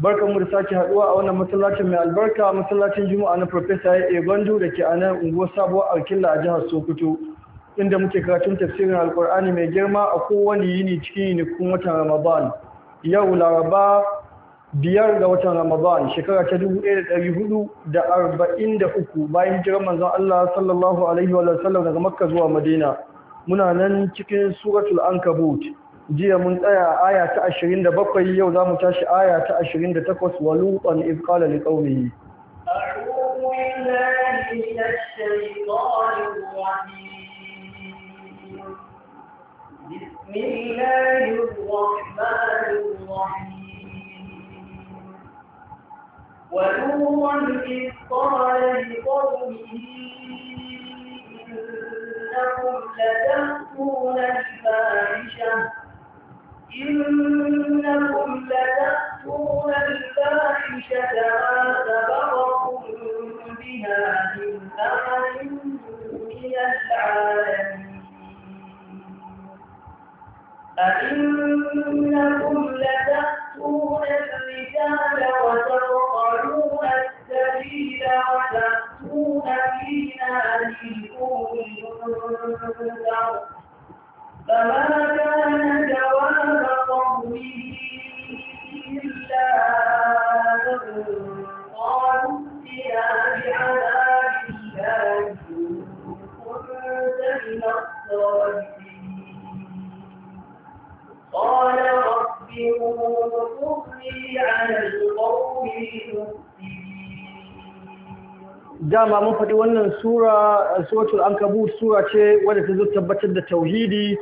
barkan mu da sake haduwa a wannan masallacin mai albarka masallacin juma'a na professor ya gwandu da ke a nan unguwar sabuwar alkilla a jihar sokoto inda muke karatun tafsirin alkur'ani mai girma a kowane yini cikin kun watan ramadan yau laraba biyar ga watan ramadan shekara ta dubu ɗaya da ɗari hudu da arba'in da uku bayan hijirar manzon allah sallallahu alaihi wa sallam daga makka zuwa madina muna nan cikin suratul ankabut jiya mun tsaya aya ta 27 yau za mu tashi aya ta 28 wa lutan iz qala li qaumihi a'udhu billahi minash shaitanir rajim bismillahir rahmanir rahim wa lutan iz qala li qaumihi إنكم لتأتون الفاحشة إنكم لتأتون الفاحشة ما سبقكم بها من أحد من العالمين أئنكم لتأتون الرجال وتقطعون السبيل وتأتون في ناديكم المنكر dama mun faɗi wannan sura sura ce wadda ta zo tabbatar da tauhidi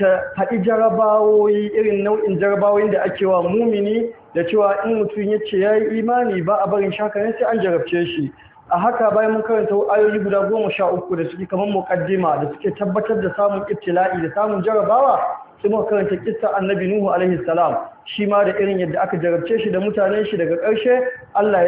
ta haɗi jarabawoyi irin nau'in jarabawoyin da ake wa mumini da cewa in mutum ya ce ya yi imani ba a barin shakarai sai an jarabce shi a haka bayan mun karanta ayoyi guda goma sha uku da suke kamar muƙaddima da suke tabbatar da samun ibtila'i da samun jarabawa sai muka karanta kissa annabi nuhu alaihi salam shi ma da irin yadda aka jarabce shi da mutanen shi daga ƙarshe Allah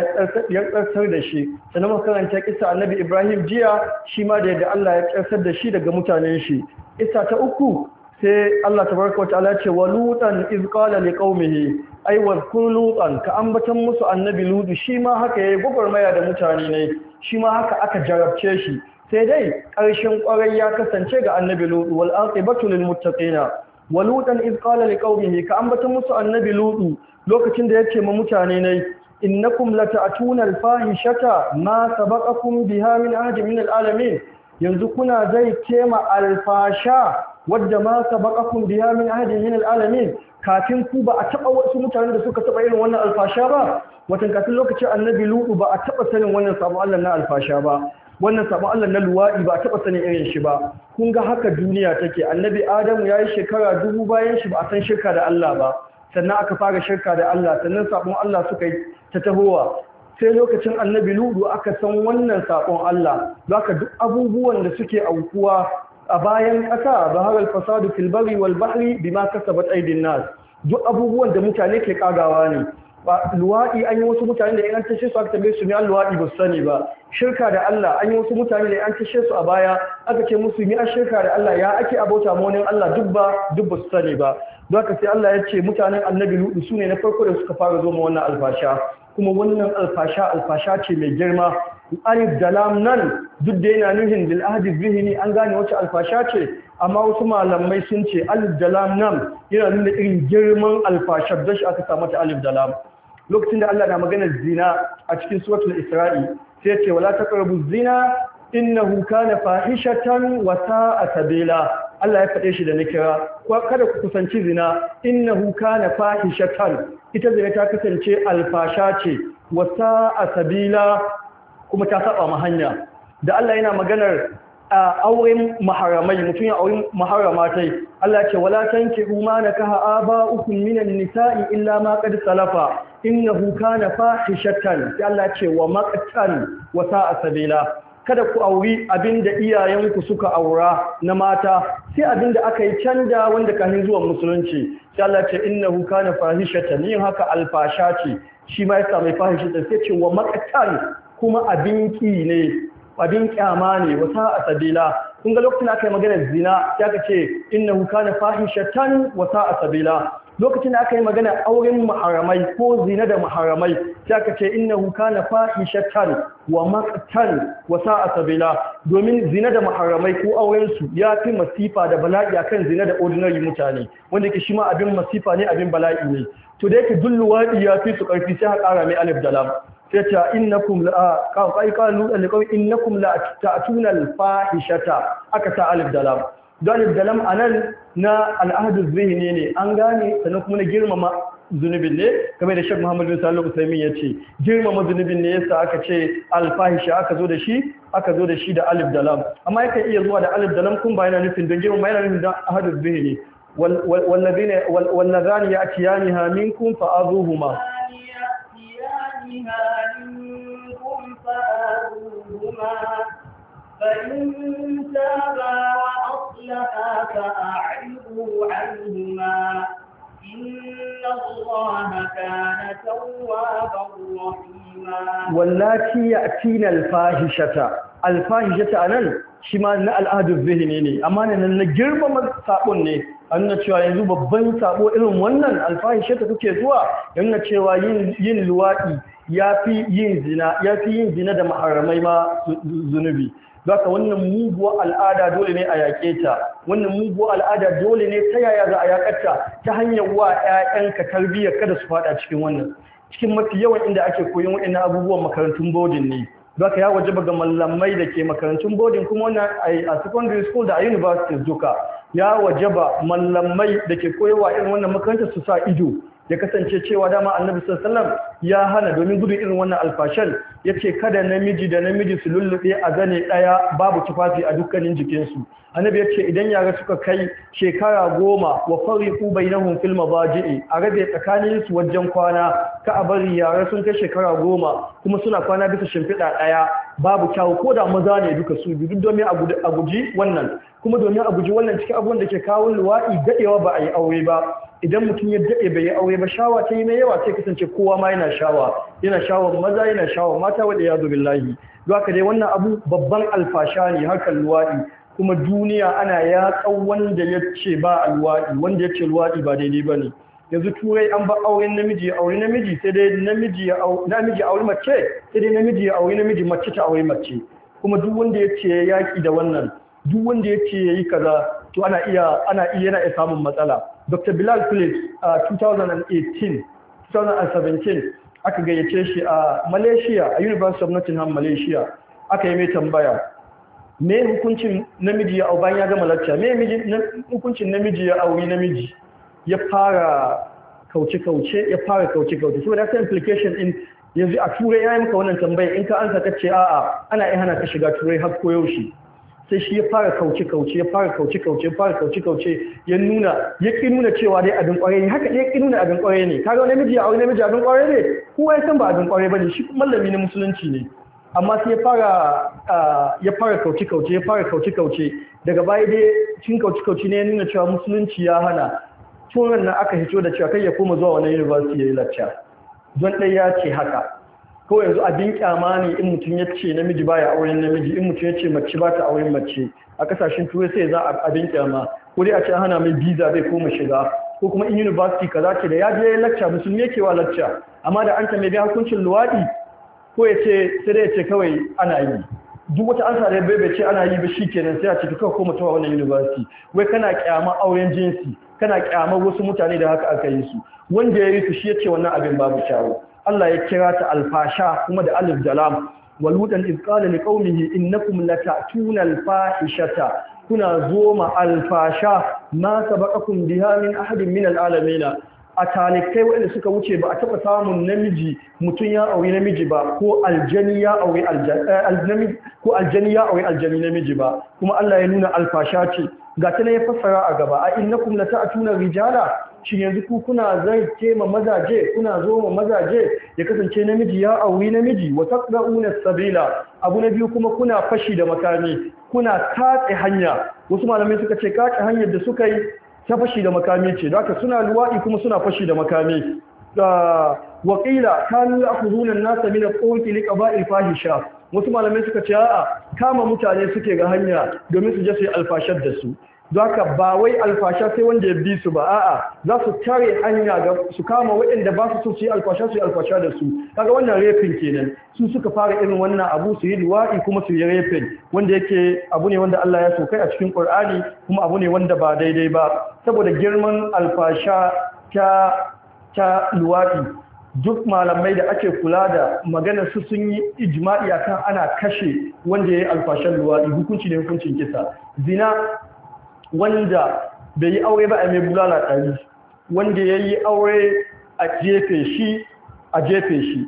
ya tsartar da shi sannan muka karanta kissa annabi ibrahim jiya shi ma da yadda Allah ya tsartar da shi daga mutanen shi Isa ta uku sai Allah ta wa ta'ala ce wa lutan iz qala liqaumihi ai wa kun lutan ka ambatan musu annabi ludu shi ma haka yayi gugurmaya da mutane ne shi ma haka aka jarabce shi sai dai ƙarshen ƙwarai ya kasance ga annabi ludu wal aqibatu lil muttaqina wa lutan iz ne liqaumihi ka ambatan musu annabi ludu lokacin da yace ma mutane ne innakum lata'tuna al-fahishata ma sabaqakum biha min ahadin min al-alamin yanzu kuna zai kema alfasha wadda ma sabaqakum biha min ahadin min alamin, kafin ku ba a taba wasu mutane da suka taba irin wannan alfasha ba watan kafin lokacin annabi lutu ba a taba sanin wannan sabon Allah na alfasha ba wannan sabon Allah na luwadi ba a taba sanin irin shi ba kun ga haka duniya take annabi adamu yi shekara dubu bayan shi ba a san shirka da Allah ba sannan aka fara shirka da Allah sannan sabon Allah suka yi ta tahowa sai lokacin annabi ludu aka san wannan saɓon Allah zaka duk abubuwan da suke aukuwa a bayan ƙasa zaharar fasadu fil bari wal bahri bima ba aidin nas duk abubuwan da mutane ke kagawa ne ba luwaɗi an yi wasu mutane da an tashe su aka tambaye su ne an luwaɗi ba su sani ba shirka da Allah an yi wasu mutane da an tashe su a baya aka ce musu ni a shirka da Allah ya ake abota ma wani Allah duk ba duk ba su sani ba Doka sai Allah ya ce mutanen annabi Lutu su ne na farko da suka fara zoma wannan alfasha, kuma wannan alfasha alfasha ce mai girma. Alif da lam nan duk da yana nuhin bil ahdi zihini an gane wace alfasha ce, amma wasu malamai sun ce alif da lam nan yana nuna irin girman alfasha. da shi aka samu ta alif da lam. Lokacin da Allah na magana zina a cikin suratul Isra'i sai ce wala taqrabu zina innahu kana fahishatan wa sa'a sabila Allah ya faɗe shi da na kira ko kada ku kusanci zina na fahi shatan. ita zina ta kasance alfasha ce wa sa'a sabila kuma ta saba ma hanya da Allah yana maganar auren maharamai mutum ya auren maharamatai Allah ce wala tankihu ma nakaha aba'ukum minan nisa'i illa ma qad salafa na fahi shatan. sai Allah ce wa maqtan wa sa'a sabila kada ku auri abin da iyayenku suka aura na mata sai abin da aka yi canja wanda kafin zuwan musulunci sai Allah ce innahu kana fahishata yin haka alfasha ce shi ma yasa mai fahishata sai ce wa kuma abin ne abin kyama ne wa sa'a sabila kun ga lokacin aka yi magana zina sai aka ce innahu kana fahishatan wa sa'a lokacin da aka yi magana auren maharamai ko zina da maharamai sai aka ce innahu kana fahishatan wa maqtan wa sa'a sabila domin zina da maharamai ko auren su ya fi masifa da bala'i akan zina da ordinary mutane wanda yake shi ma abin masifa ne abin bala'i ne to da yake dullu wadi ya fi su karfi sai ha kara mai alif da lam sai ta innakum la qaiqalu alqaw innakum la ta'tuna al fahishata aka sa alif da lam dalil da lam anan na al'ahdu zihni ne an gane sannan kuma na girmama zunubin ne game da Sheikh Muhammad bin Salih Usaimin ya ce girmama zunubin ne yasa aka ce alfahisha aka zo da shi aka zo da shi da alif Dalam amma yake iya zuwa da alif Dalam kun ba yana nufin don girmama yana nufin don ahadu zihni والذين واللذان يأتيانها منكم فأذوهما فإن تابا وأصلحا فأعرضوا عنهما إن الله كان توابا رحيما واللاتي يأتين الفاحشة الفاحشة أنا shi ma na al'adun zihini ne amma ne na girmama sabon ne an na cewa yanzu babban sabo irin wannan alfahishe ta kuke zuwa yan na cewa yin luwaɗi ya fi yin zina da maharamai ma zunubi zaka wannan muguwa al'ada dole ne a yaƙe ta wannan muguwa al'ada dole ne ta yaya za a yaƙarta ta hanyar wa yayanka tarbiyya kada su fada cikin wannan cikin mafi yawan inda ake koyon waɗannan abubuwan makarantun bodin ne zaka ya jaba ga mallamai da ke makarantun bodin kuma wannan a secondary school da a university duka ya wajaba mallamai da ke koyarwa irin wannan makarantar su sa ido ya kasance cewa dama annabi sallallahu ya hana domin gudun irin wannan alfashan yace kada namiji da namiji su lulluɓe a zane ɗaya, babu tufafi a dukkanin jikinsu annabi ya ce, idan yara suka kai shekara goma wa fariqu bainahum fil mabaji'i a rabe tsakanin su wajen kwana ka a bari yara sun kai shekara goma kuma suna kwana bisa shimfiɗa ɗaya. babu kyau ko da maza ne duka su duk domin a guji wannan kuma domin a guji wannan cikin abubuwan da ke kawo luwaɗi daɗewa ba a yi aure ba idan mutum ya daɗe bai yi aure ba shawa ta yi mai yawa sai kasance kowa ma yana shawa yana shawa maza yana shawa mata wadda ya zubin lahi don haka dai wannan abu babban alfasha ne harkar luwa'i kuma duniya ana ya yatsan wanda ya ce ba a luwa'i wanda ya ce luwa'i ba daidai ba ne yanzu turai an ba auren namiji ya auri namiji sai dai namiji ya auri mace sai dai namiji ya auri namiji mace ta auri mace kuma duk wanda ya ce ya yaƙi da wannan duk wanda ya ce yayi kaza to ana iya ana iya yana samun matsala Dr. Bilal Phillips a 2018 2017 aka gayyace shi a Malaysia a University of Nottingham Malaysia aka yi mai tambaya me hukuncin namiji ya bayan ya gama lacca me hukuncin namiji ya auri namiji ya fara kauce-kauce ya fara kauce-kauce so that's implication in yanzu a turai ya yi maka wannan tambaya in ka ansa ka ce a'a ana iya hana ka shiga turai har koyaushe sai shi ya fara kauce kauce ya fara kauce kauce ya fara kauce kauce ya nuna ya ki nuna cewa dai abin kware ne haka ya ki nuna abin kware ne kaga wani miji a wani miji abin kware ne kowa ya san ba abin kware bane shi mallami na musulunci ne amma sai ya fara ya fara kauce kauce ya fara kauce kauce daga baya dai cin kauce kauce ne ya nuna cewa musulunci ya hana tun nan aka hito da cewa kai ya koma zuwa wani university ya yi lacca don ɗaya ya ce haka ko yanzu abin kyama ne in mutum ya ce namiji baya auren namiji in mutum ya ce mace ba ta auren mace a kasashen turai sai za abin kyama ko dai a ce hana mai biza bai koma shiga ko kuma in university kaza ce da ya je lacca musulmi yake wa lacca amma da an tambaye hukuncin luwadi ko ya ce sai dai ya ce kawai ana yi duk wata ansa da bai ce ana yi ba shikenan sai a ce kawai ko ta wannan university wai kana kyama auren jinsi kana kyama wasu mutane da haka aka yi su wanda ya yi su shi ya ce wannan abin babu kyawu Allah ya kira ta alfasha kuma da alif da lam waludan iz qala liqaumihi innakum latatuna alfahishata kuna zoma alfasha ma sabaqakum biha min ahadin min alalamin a talikai wanda suka wuce ba a taɓa samun namiji mutum ya auri namiji ba ko aljani ya auri eh, aljani namiji ba kuma Allah ya nuna alfasha ce ga tana ya fassara a gaba a innakum la ta'tuna rijala shin yanzu ku kuna ce ma mazaje kuna zo ma mazaje ya kasance namiji ya auri namiji wa taqrauna sabila abu na biyu kuma kuna fashi da makami kuna katse hanya wasu malamai suka ce katse hanyar da suka yi ta fashi da makami ce haka suna luwa'i kuma suna fashi da makami waƙila kanu nuna aku zunan nasa mina ƙoƙi liƙa ba fahisha? wasu malamai suka ce a'a kama mutane suke ga hanya domin su je su yi alfashar da su Zaka ba wai alfasha sai wanda ya bi su ba a'a za su tare hanya ga su kama waɗanda ba su so su yi alfasha su yi alfasha da su kaga wannan refin kenan su suka fara irin wannan abu su yi liwa'i kuma su yi refin wanda yake abu ne wanda Allah ya so kai a cikin Qur'ani kuma abu ne wanda ba daidai ba saboda girman alfasha ta ta duk malamai da ake kula da magana su sun yi ijma'i akan ana kashe wanda ya yi alfashan luwaɗi hukunci ne hukuncin kisa zina wanda bai yi aure ba a mai bulala ɗari wanda ya yi aure a jefe shi a jefe shi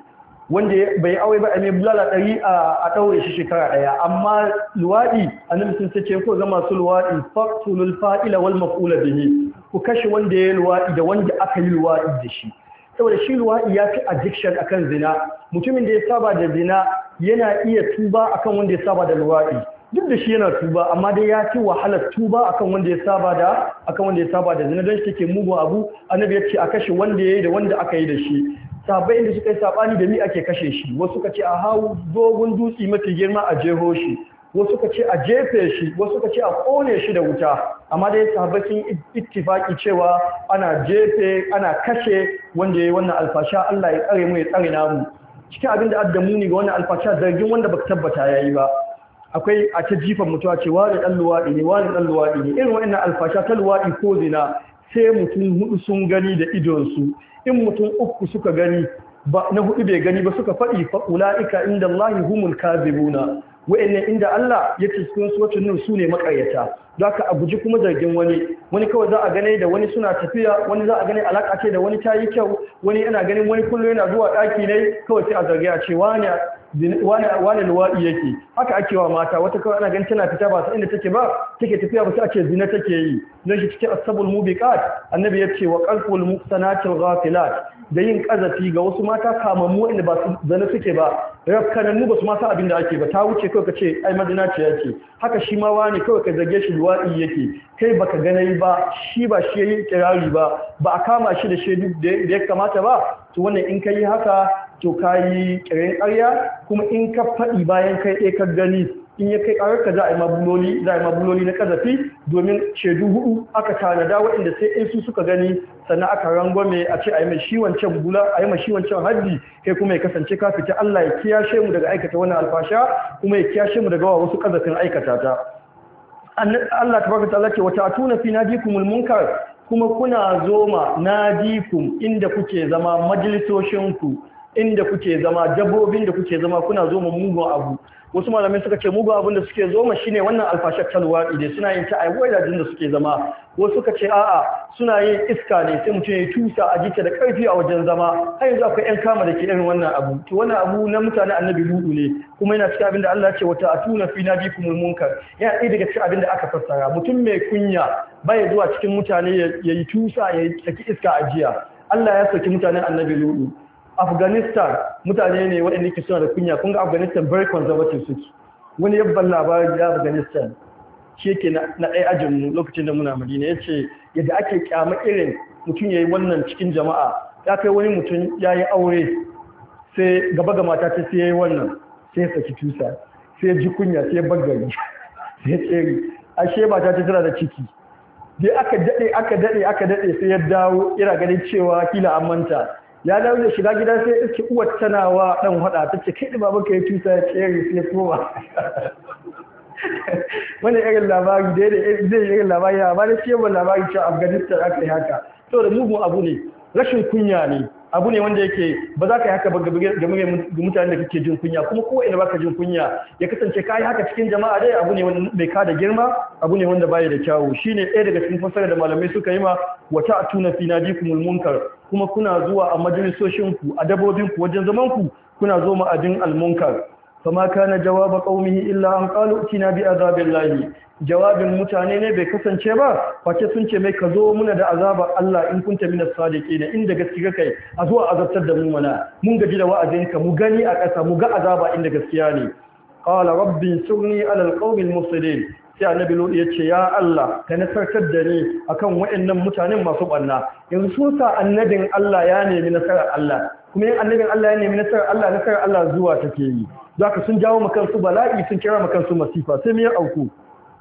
wanda bai aure ba a mai bulala ɗari a ɗaure shi shekara ɗaya amma luwaɗi a nan sun sace ko zama su luwaɗi faktulul fa'ila wal maf'ula bihi ku kashe wanda ya yi luwaɗi da wanda aka yi luwaɗi da shi saboda shi luwaɗi ya fi addiction akan zina mutumin da ya saba da zina yana iya tuba akan wanda ya saba da luwaɗi duk da shi yana tuba amma dai ya ci wahala tuba akan wanda ya saba da akan wanda ya saba da zina dan shi take mugun abu annabi ya ce a kashe wanda yayi da wanda aka yi da shi sabai inda suka yi sabani da ni ake kashe shi wasu suka ce a hawo dogon dutsi mafi girma a jeho shi wasu suka ce a jefe shi wasu suka ce a kone shi da wuta amma dai sahabbai sun ittifaki cewa ana jefe ana kashe wanda yayi wannan alfasha Allah ya tsare mu ya tsare namu cikin abin da addamu ne ga wannan alfasha zargin wanda baka tabbata yayi ba akwai a ta jifan mutuwa ce wani dan luwaɗi ne wani dan luwaɗi ne irin na alfasha ta luwaɗi ko zina sai mutum hudu sun gani da idonsu in mutum uku suka gani ba na hudu bai gani ba suka faɗi fa ula'ika inda Allah humul kazibuna wa'annan inda Allah ya ce cikin suratul su ne makaryata zaka a guji kuma zargin wani wani kawai za a gane da wani suna tafiya wani za a gane alaƙa ce da wani ta yi kyau wani yana ganin wani kullum yana zuwa daki ne kawai sai a zargi a ce wani luwaɗi yake haka ake wa mata wata kawai ana ganin tana fita ba ta inda take ba take tafiya ba sai a ce zina take yi don shi cikin asabul mubiqat annabi ya ce wa qalbul muqsanatil ghafilat da yin kazafi ga wasu mata kamammu inda ba su zane suke ba rafkanannu ba su masa abin da ake ba ta wuce kawai ka ce ai madina ce yake haka shi ma wani kawai ka zage shi luwaɗi yake kai ba ka ganai ba shi ba shi yi kirari ba ba a kama shi da shaidu da ya kamata ba to wannan in ka yi haka to ka yi kirin ƙarya kuma in ka faɗi bayan kai ɗaya eh, ka gani in ya kai ƙararka za a yi mabuloli za a yi mabuloli na ƙazafi domin shaidu hudu aka tanada waɗanda sai in su suka gani sannan aka rangwame a ce a yi mai wancan bula a yi mashi wancan haddi kai kuma ya kasance ka fita Allah ya kiyashe mu daga aikata wannan alfasha kuma ya kiyashe mu daga wasu ƙazafin aikata ta Allah ta baka ce wata tuna fi nadikumul munkar kuma kuna zoma nadikum inda kuke zama majalisoshinku inda kuke zama dabbobin da kuke zama kuna zoma mugun abu wasu malamai suka ce mugu abin da suke zoma shine wannan alfashar talwadi ne suna yin ta a da suke zama wasu suka ce a'a suna yin iska ne sai mutum ya tusa a jike da karfi a wajen zama har yanzu akwai yan kama da ke irin wannan abu to wannan abu na mutane annabi ludu ne kuma yana cikin abin da Allah ya ce wata atuna fi najikum munkar yana ɗaya daga cikin abin da aka fassara mutum mai kunya baya zuwa cikin mutane ya yi tusa ya saki iska a jiya Allah ya saki mutanen annabi ludu afghanistan mutane ne waɗanda ke suna da kunya kun afghanistan very conservative suke wani yabban labarin da afghanistan shi ke na ɗaya ajinmu lokacin da muna madina ya ce yadda ake kyama irin mutum ya yi wannan cikin jama'a ya kai wani mutum ya yi aure sai gaba ga mata ta sai ya yi wannan sai ya saki tusa sai ya ji kunya sai ya bagari sai ya tsere ashe mata ta tana da ciki dai aka daɗe aka daɗe aka daɗe sai ya dawo ira ganin cewa kila an manta ya dawo da shiga gida sai iske uwar tana wa dan hada ta ce kai baban ka ya tusa ya tsere sai kowa wani irin labari Da da zai irin labari ya ba da ciye labari cewa afghanistan aka yi haka to da mugun abu ne rashin kunya ne abu ne wanda yake ba za ka yi haka ba game mutane da kake jin kunya kuma kowa ina baka jin kunya ya kasance ka yi haka cikin jama'a dai abu ne mai ka da girma abu ne wanda bai da kyawu shine ɗaya daga cikin fasara da malamai suka yi ma wata atuna fi jikun mulmunkar kuma kuna zuwa a majalisoshin ku a dabobin ku wajen zaman ku kuna zo ma adin almunkar fama kana jawaba qaumihi illa an qalu tina bi layi. jawabin mutane ne bai kasance ba face sun ce mai ka zo muna da azabar Allah in kunta mina sadiqi da inda gaskiya kai a zuwa azabtar da mu mana mun gaji da wa'azin ka, mu gani a ƙasa mu ga azaba inda gaskiya ne qala rabbi surni ala alqawmil mufsidin sai annabi lodi ya ce ya Allah ka nasartar da ni akan waɗannan mutanen masu banna yanzu sun sa annabin Allah ya nemi nasarar Allah kuma yin annabin Allah ya nemi nasarar Allah nasarar Allah zuwa take yi zaka sun jawo kansu bala'i sun kira kansu masifa sai mu ya auku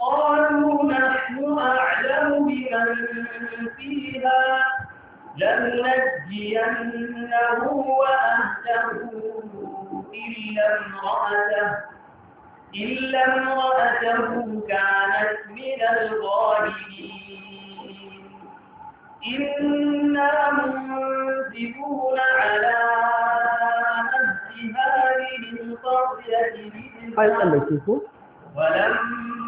قالوا نحن أعلم بمن فيها لنجينه وأهله إلا امرأته إلا امرأته كانت من الغالبين إنا منزلون على أهل هذه القرية ولما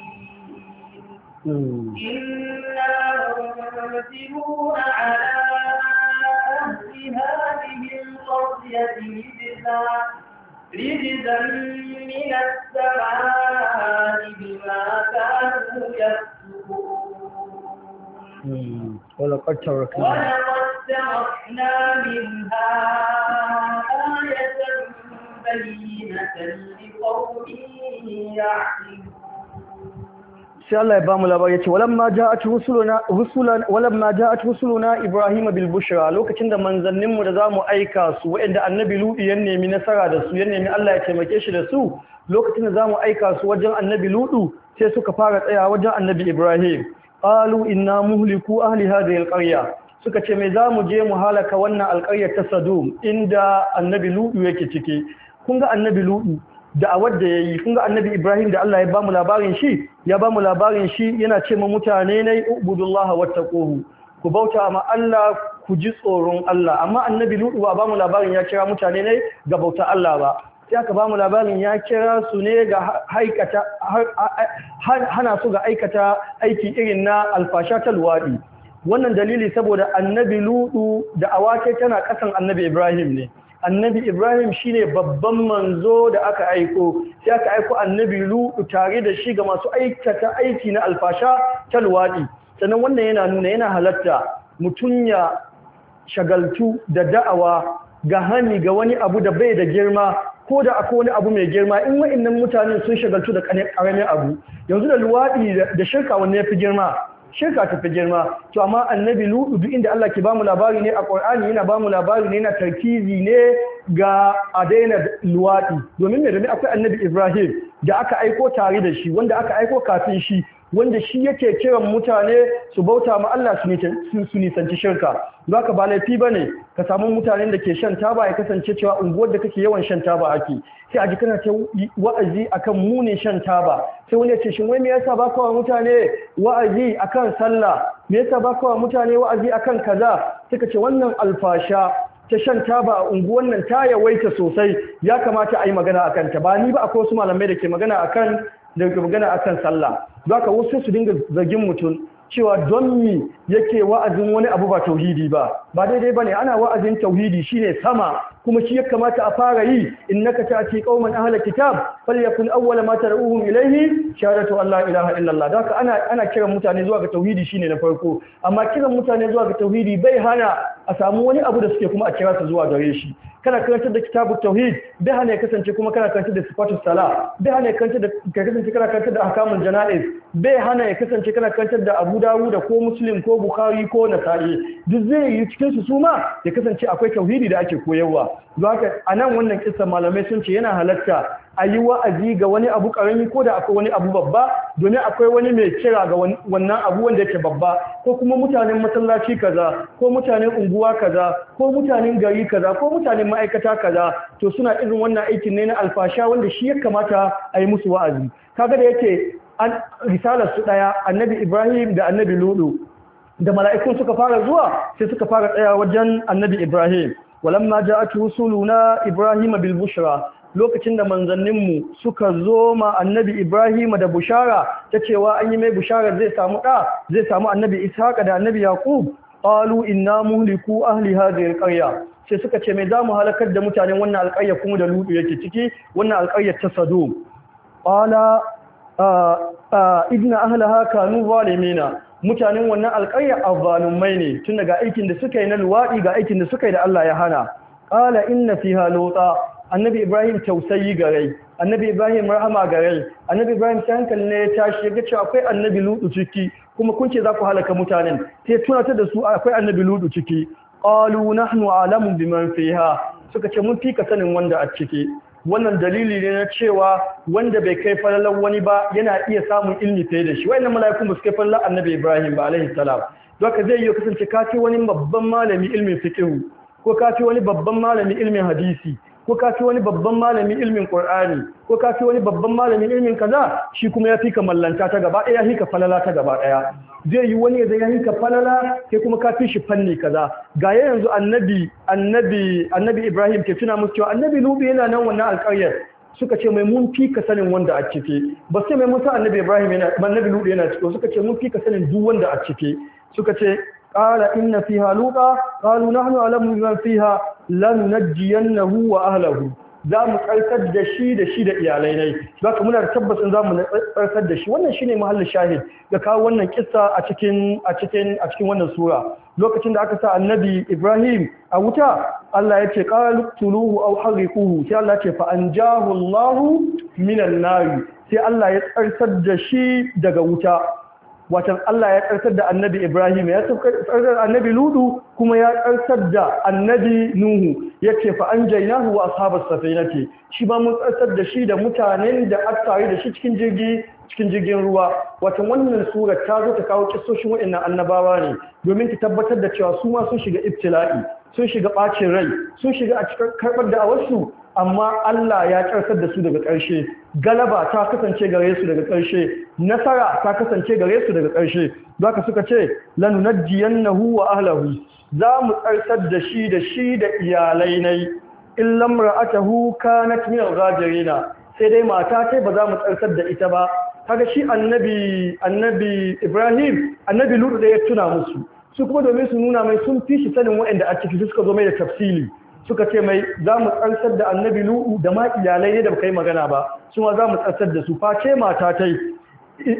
إنا منزلون على أهل هذه القرية رجزا رجزا من السماء بما كانوا يفسقون ولقد تركنا ولقد تركنا منها آية بينة لقوم يعقلون sai Allah ya bamu labari yace walamma ja'at rusuluna rusulan walamma ja'at rusuluna ibrahim bil bushra lokacin da manzannin mu da zamu aika su wa'anda annabi lutu ya nemi nasara da su ya nemi Allah ya taimake shi da su lokacin da zamu aika su wajen annabi lutu sai suka fara tsaya wajen annabi ibrahim qalu inna muhliku ahli hadhihi al qarya suka ce me zamu je mu halaka wannan alkaryar ta sadum inda annabi lutu yake ciki kun ga annabi lutu da'awar da yayi kun ga annabi Ibrahim da Allah ya ba mu labarin shi ya ba mu labarin shi yana ce ma mutane ne ubudullaha wattaquhu ku bauta ma Allah ku ji tsoron Allah amma annabi Lutu ba ba mu labarin ya kira mutane ne ga bauta Allah ba sai aka ba mu labarin ya kira su ne ga haikata hana su ga aikata aiki irin na alfasha ta luwaɗi. wannan dalili saboda annabi Lutu da awake tana kasan annabi Ibrahim ne annabi Ibrahim shine babban manzo da aka aiko sai aka aiko annabi ludu tare da shi ga masu aikata aiki na alfasha ta luwadi sannan wannan yana nuna yana halatta mutum ya shagaltu da da'awa ga hani ga wani abu da bai da girma ko da akwai wani abu mai girma in wa'annan mutane sun shagaltu da karamin abu yanzu da luwadi da shirka wanne fi girma shirka ta fi girma to amma annabi ludu duk inda Allah ke bamu labari ne a Qur'ani yana bamu labari ne na tarkizi ne ga a daina luwadi domin me domin akwai annabi Ibrahim da aka aiko tare da shi wanda aka aiko kafin shi wanda shi yake kiran mutane su bauta ma Allah su nisanci shirka za ka ba laifi ba ne ka samu mutanen da ke shan taba ya kasance cewa unguwar da kake yawan shan taba ake sai a ji kana ta wa'azi akan munin shan taba sai wani ya ce shin wai me yasa ba kawai mutane wa'azi akan sallah me yasa ba kawai mutane wa'azi akan kaza ka ce wannan alfasha ta shan taba a unguwar nan ta yawaita sosai ya kamata a yi magana a kanta ba ni ba akwai wasu malamai da ke magana a kan daga magana akan sallah zaka wasu su dinga zagin mutum cewa don mi yake wa'azin wani abu ba tauhidi ba ba daidai bane ana wa'azin tauhidi shine sama kuma shi ya kamata a fara yi innaka ta'ti qauman ahla kitab falyakun awwala ma tar'uhum ilayhi shahadatu alla ilaha illallah daka ana ana kiran mutane zuwa ga tauhidi shine na farko amma kiran mutane zuwa ga tauhidi bai hana a samu wani abu da suke kuma a kira su zuwa gare shi kana karantar da kitabut tauhid bai hana ya kasance kuma kana karantar da sifatus sala bai hana ya karantar da ka kasance kana karantar da ahkamul janaiz bai hana ya kasance kana karantar da Abu Dawud ko Muslim ko bukari ko nasa'i duk zai yi cikin su suma ya kasance akwai tauhidi da ake koyarwa don haka a nan wannan kissa malamai sun ce yana halatta a yi wa'azi ga wani abu karami ko da akwai wani abu babba domin akwai wani mai kira ga wannan abu wanda yake babba ko kuma mutanen masallaci kaza ko mutanen unguwa kaza ko mutanen gari kaza ko mutanen ma'aikata kaza to suna irin wannan aikin ne na alfasha wanda shi ya kamata a yi musu wa'azi kaga da yake risalar su ɗaya annabi Ibrahim da annabi Ludu da mala'ikun suka fara zuwa sai suka fara tsaya wajen annabi Ibrahim walamma ja'at rusuluna Ibrahim bil lokacin da manzanninmu suka zo ma annabi Ibrahim da bushara ta cewa an yi mai bushara zai samu ɗa zai samu annabi Ishaqa da annabi Yaqub qalu inna muhliku ahli hadhihi alqarya sai suka ce mai zamu halakar da mutanen wannan alqarya kuma da ludu yake ciki wannan alqaryar ta Sodom qala idna ahlaha kanu zalimina mutanen wannan alƙarya azzalumai ne tun ga aikin da suka yi na luwaɗi ga aikin da suka yi da Allah ya hana qala inna fiha lutsa annabi ibrahim tausayi garai annabi ibrahim rahama ga rai annabi ibrahim ta hankali ne ya tashi ya ga cewa akwai annabi Luɗu ciki kuma kun ce za ku halaka mutanen sai tunatar da su akwai annabi Luɗu ciki qalu nahnu a'lamu biman fiha suka ce mun fika sanin wanda a ciki wannan dalili ne na cewa wanda bai kai falalar wani ba yana iya samun ilmi fiye da shi wayannan mala'ikun ba su kai falalar annabi Ibrahim ba alaihi salam zai yi kasance ka ce wani babban malami ilmin fiqh ko ka ce wani babban malami ilmin hadisi ko ka fi wani babban malamin ilmin Qur'ani ko ka fi wani babban malamin ilmin kaza shi kuma ya fi ka mallanta ta gaba ɗaya ya ka falala ta gaba ɗaya zai yi wani da ya yi ka falala kai kuma ka fi shi fanni kaza ga ya yanzu annabi annabi annabi Ibrahim ke tuna musu cewa annabi Nubi yana nan wannan alƙaryar suka ce mai mun fi ka sanin wanda a cike ba sai mai musa annabi Ibrahim yana annabi yana cike suka ce mun fi ka sanin duk wanda a cike suka ce qala inna fiha luqa qalu nahnu alamu bima fiha lan najiyannahu wa ahlahu za mu tsarkar da shi da shi da iyalai ne za ka muna da tabbacin za mu tsartar da shi wannan shine mahallin shahid ga kawo wannan kissa a cikin a cikin a cikin wannan sura lokacin da aka sa annabi Ibrahim a wuta Allah ya ce qaltuluhu aw harriquhu sai Allah ya ce fa anjahu Allahu minan nar sai Allah ya tsartar da shi daga wuta watan Allah ya karsar da annabi Ibrahim ya karsar da annabi Ludu kuma ya karsar da annabi Nuhu ya ce fa an anjaynahu wa ashabas safinati shi ba mun karsar da shi da mutanen da aka da shi cikin jirgi cikin jirgin ruwa watan wannan sura ta zo ta kawo kissoshin wa'annan annabawa ne domin ta tabbatar da cewa su ma sun shiga ibtila'i sun shiga bacin rai sun shiga a cikin karbar da awarsu amma Allah ya ƙarsar da su daga ƙarshe galaba ta kasance gare su daga ƙarshe nasara ta kasance gare su daga ƙarshe zaka suka ce lanunajjiyannahu wa ahlihi za mu tsarsar da shi da shi da iyalai nai illam ra'atahu kanat min al-ghajirina sai dai mata ce ba za mu tsarsar da ita ba kaga shi annabi annabi Ibrahim annabi Lut da ya tuna musu su kuma domin su nuna mai sun fi shi sanin waɗanda a ciki suka zo mai da tafsili suka ce mai za mu tsantsar da annabi Lu'u da ma iyalai ne da kai magana ba su ma za mu tsantsar da su face mata ta yi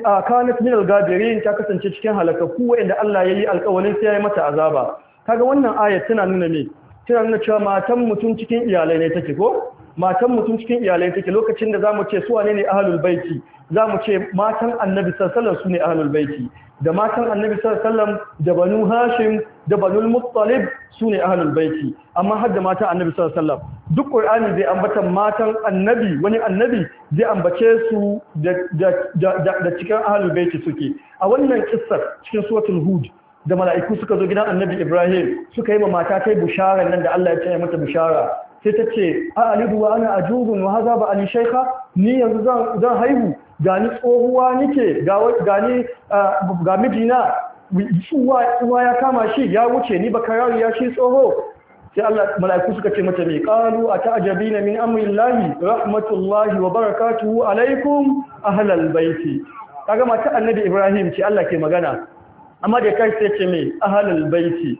a kanat min al-gabirin ta kasance cikin halakaku wanda Allah ya yi alƙawarin sai ya yi mata azaba kaga wannan ayat tana nuna ne. suna nuna cewa matan mutum cikin iyalai ne take ko matan mutum cikin iyalai take lokacin da zamu ce su wane ne ahlul baiti zamu ce matan annabi sallallahu alaihi wasallam su ne ahlul baiti da matan annabi sallallahu alaihi wasallam da banu hashim da banu muttalib su ne ahlul baiti amma har da matan annabi sallallahu alaihi wasallam duk qur'ani zai ambata matan annabi wani annabi zai ambace su da da da, cikin ahlul baiti suke a wannan kissa cikin suratul hud da mala'iku suka zo gidan annabi Ibrahim suka yi ma mata ta bushara nan da Allah ya ce mata bushara sai ta ce a alidu ana ajubun wa haza ba ali shaikha ni yanzu zan haihu gani tsohuwa nike gani ga mijina uwa ya kama shi ya wuce ni bakarari ya shi tsoho sai Allah mala'iku suka ce mata mai qalu ata'jabina min amrillahi rahmatullahi wa barakatuhu alaikum ahlal baiti kaga mata annabi Ibrahim ce Allah ke magana amma da kai sai ce mai ahalul baiti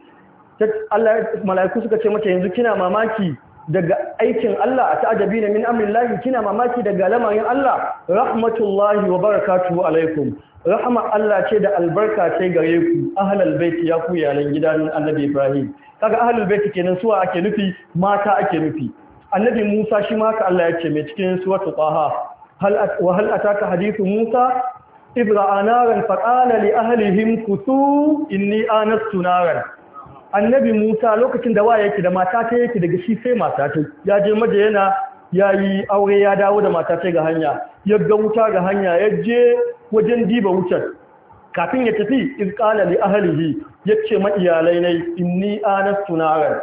Allah mala'iku suka ce mata yanzu kina mamaki daga aikin Allah a ta'ajabi na min amrillahi kina mamaki daga lamarin Allah rahmatullahi wa barakatuhu alaikum rahma Allah ce da albarka sai gare ku ahlal baiti ya ku yalan gidan Annabi Ibrahim kaga ahlul baiti kenan suwa ake nufi mata ake nufi Annabi Musa shi ma ka Allah ya ce mai cikin suratu Taha hal wa hal ataka hadithu Musa ibra anaran faƙala li ahalihim kutu inni anastu naran annabi musa lokacin da waya yake da mata ta yake daga shi sai mata ta ya je maje yana ya yi aure ya dawo da mata ta ga hanya ya ga wuta ga hanya ya je wajen diba wutar kafin ya tafi iz qala li ahlihi yace ma iyalai nai inni anastu naran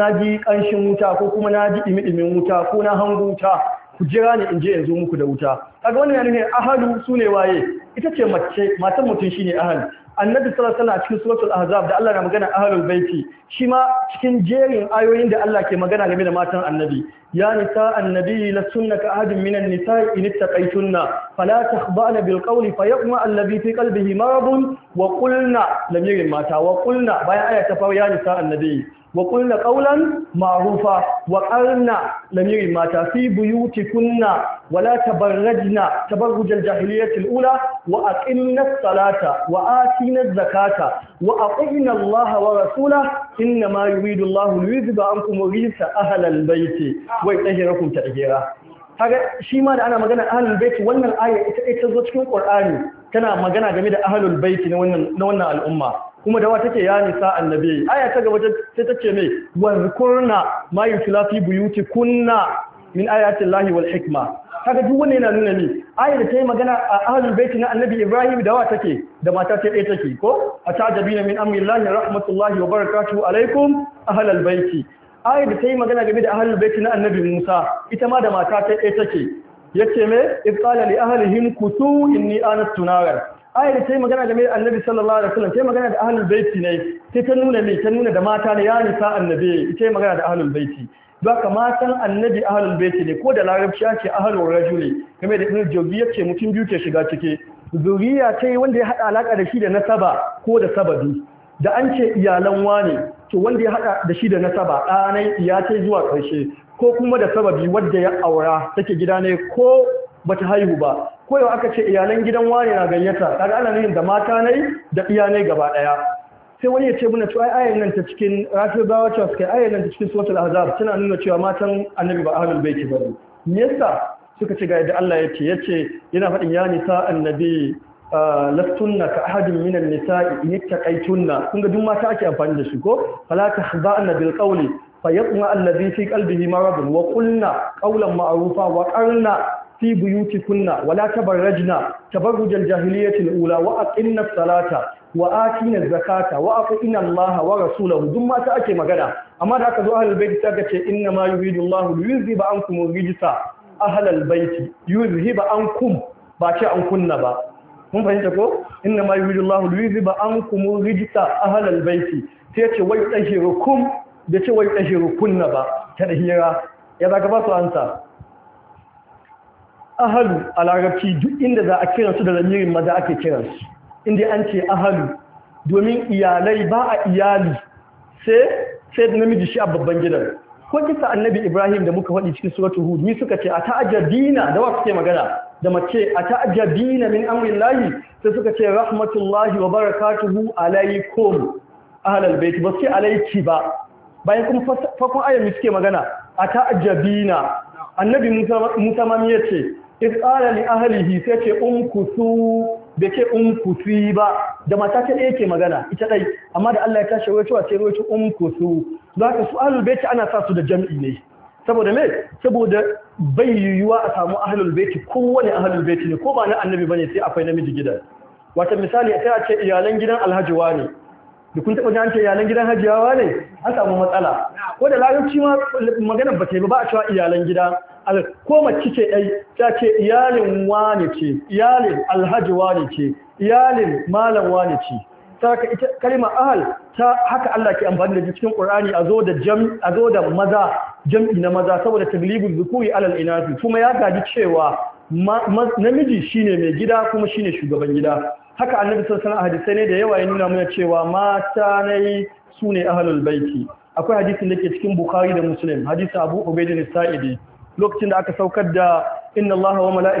na ji kanshin wuta ko kuma na ji dimi wuta ko na hangu wuta ku jira ni in je yanzu muku da wuta kaga wannan yana nufin ahalu sune waye ita ce mace matan mutum shine Ahalu. annabi sallallahu alaihi wasallam cikin suratul ahzab da Allah na magana ahlul baiti shi ma cikin jerin ayoyin da Allah ke magana game da matan annabi ya nisa annabi la sunnaka ahadin minan nisa in ittaqaytunna fala takhda'na bil qawli fayaqma alladhi fi qalbihi maradun wa qulna lamirin mata wa qulna bayan aya ta ya nisa annabi wa qulna qawlan ma'rufa wa qarna lamiri mata fi kunna wa la tabarrajna tabarruj al-jahiliyyah ula wa aqimna as-salata wa atina az-zakata wa aqina Allah wa rasulahu inna ma yuridu Allah liyudhiba ankum rijsa ahli al-bayti wa yutahhirakum tahira kaga shi ma da ana magana ahlul bait wannan aya ita ta zo cikin Qur'ani tana magana game da ahlul bait na wannan na wannan al'umma kuma da wata ce ya sa annabi aya ta gaba ta ce mai wazkurna ma filafi fi kunna. min ayati lahi wal hikma kaga duk wannan na nuna ni aya da yi magana a ahlul na annabi ibrahim da wa take da mata ɗaya take ko atajabina min amri llahi rahmatullahi wa barakatu alaikum ahlal bait aya da yi magana game da ahlul na annabi musa ita ma da mata ta ɗaya take yace me ibqala li ahlihim kutu inni anastu narar ayar ta yi magana game da annabi sallallahu alaihi wasallam ta yi magana da ahlul baiti ne sai ta nuna mai ta nuna da mata ne ya nisa annabi ita yi magana da ahlul baiti ba ka matan annabi ahlul baiti ne ko da larabci ake ahlul rajuli game da ibnu jawzi yace mutum biyu ke shiga ciki zuriya ce wanda ya hada alaka da shi da nasaba ko da sababi da an ce iyalan wane to wanda ya hada da shi da nasaba ɗanai iya ce zuwa ƙarshe ko kuma da sababi wadda ya aura take gida ne ko bata haihu ba ko yau aka ce iyalan gidan wane na gayyata kaga ana nuni da mata ne da iyanai gaba daya sai wani ya ce muna cewa ayan nan ta cikin rafi bawa cewa suka ayan nan ta cikin suratul ahzab tana nuna cewa matan annabi ba ahlul baiti bane me yasa suka ce ga yadda Allah ce yace yana faɗin ya nisa annabi uh, lastunna ka ahadin minan nisa'i in yattaqaytunna kun ga duk mata ake amfani da shi ko fala tahza'na bil qawli fayatma alladhi fi qalbihi maradun wa qulna qawlan ma'rufa wa qarna fi kunna, wala tabarrajna tabarrujal jahiliyatil ula wa aqimna salata wa atina zakata wa atina Allah wa rasulahu duk mata ake magana amma da aka zo ahlul bait ta ce inna ma yuridu Allah yuzhiba ankum rijsa ahlul bait yuzhiba ankum ba ce an kunna ba mun fahimta ko inna ma yuridu Allah yuzhiba ankum rijsa ahlul bait sai ce wai dahirukum da ce wai dahirukunna ba ta dahira ya zaka ba su ansa ahalu a larabci duk inda za a kiran su da lamirin maza ake kiransu inda an ce ahalu domin iyalai ba a iyali sai sai namiji shi a babban gidan ko kisa annabi ibrahim da muka faɗi cikin suratul hud ni suka ce a Dina, da wasu ke magana da mace a Dina min amrin lahi sai suka ce rahmatullahi wa barakatuhu alaikum ahlal bait ba sai alaiki ba bayan kuma farkon ayyami suke magana a annabi musa ma ce isƙara ni ahalihi sai ce umkusu da ke umkusi ba da mata ta ɗaya ke magana ita ɗai amma da Allah ya tashi rawaitowa sai rawaito umkusu za ka su ahalul baiti ana sa su da jam'i ne saboda me saboda bai yiwuwa a samu ahalul baiti kowane ahalul baiti ne ko ba na annabi bane sai akwai namiji gidan wata misali sai a ce iyalan gidan alhaji wa ne? da kun taɓa jance iyalan gidan hajiyawa ne an samu matsala ko da larabci ma maganar ba ba a cewa iyalan gida ko mace ce ɗai ta ce iyalin ne ce iyalin alhaji ne ce iyalin malam wani ce ta ita kalma ahal ta haka Allah ke amfani da cikin Qur'ani a zo da jam a zo da maza jam'i na maza saboda taglibul zukuri alal inasi kuma ya gaji cewa namiji shine mai gida kuma shine shugaban gida haka annabi sun alaihi hadisai ne da yawa ya nuna muna cewa mata yi su ne ahlul baiti akwai hadisin da ke cikin bukhari da musulun hadisi abu ne sa'idi lokacin da aka saukar da inna Allah wa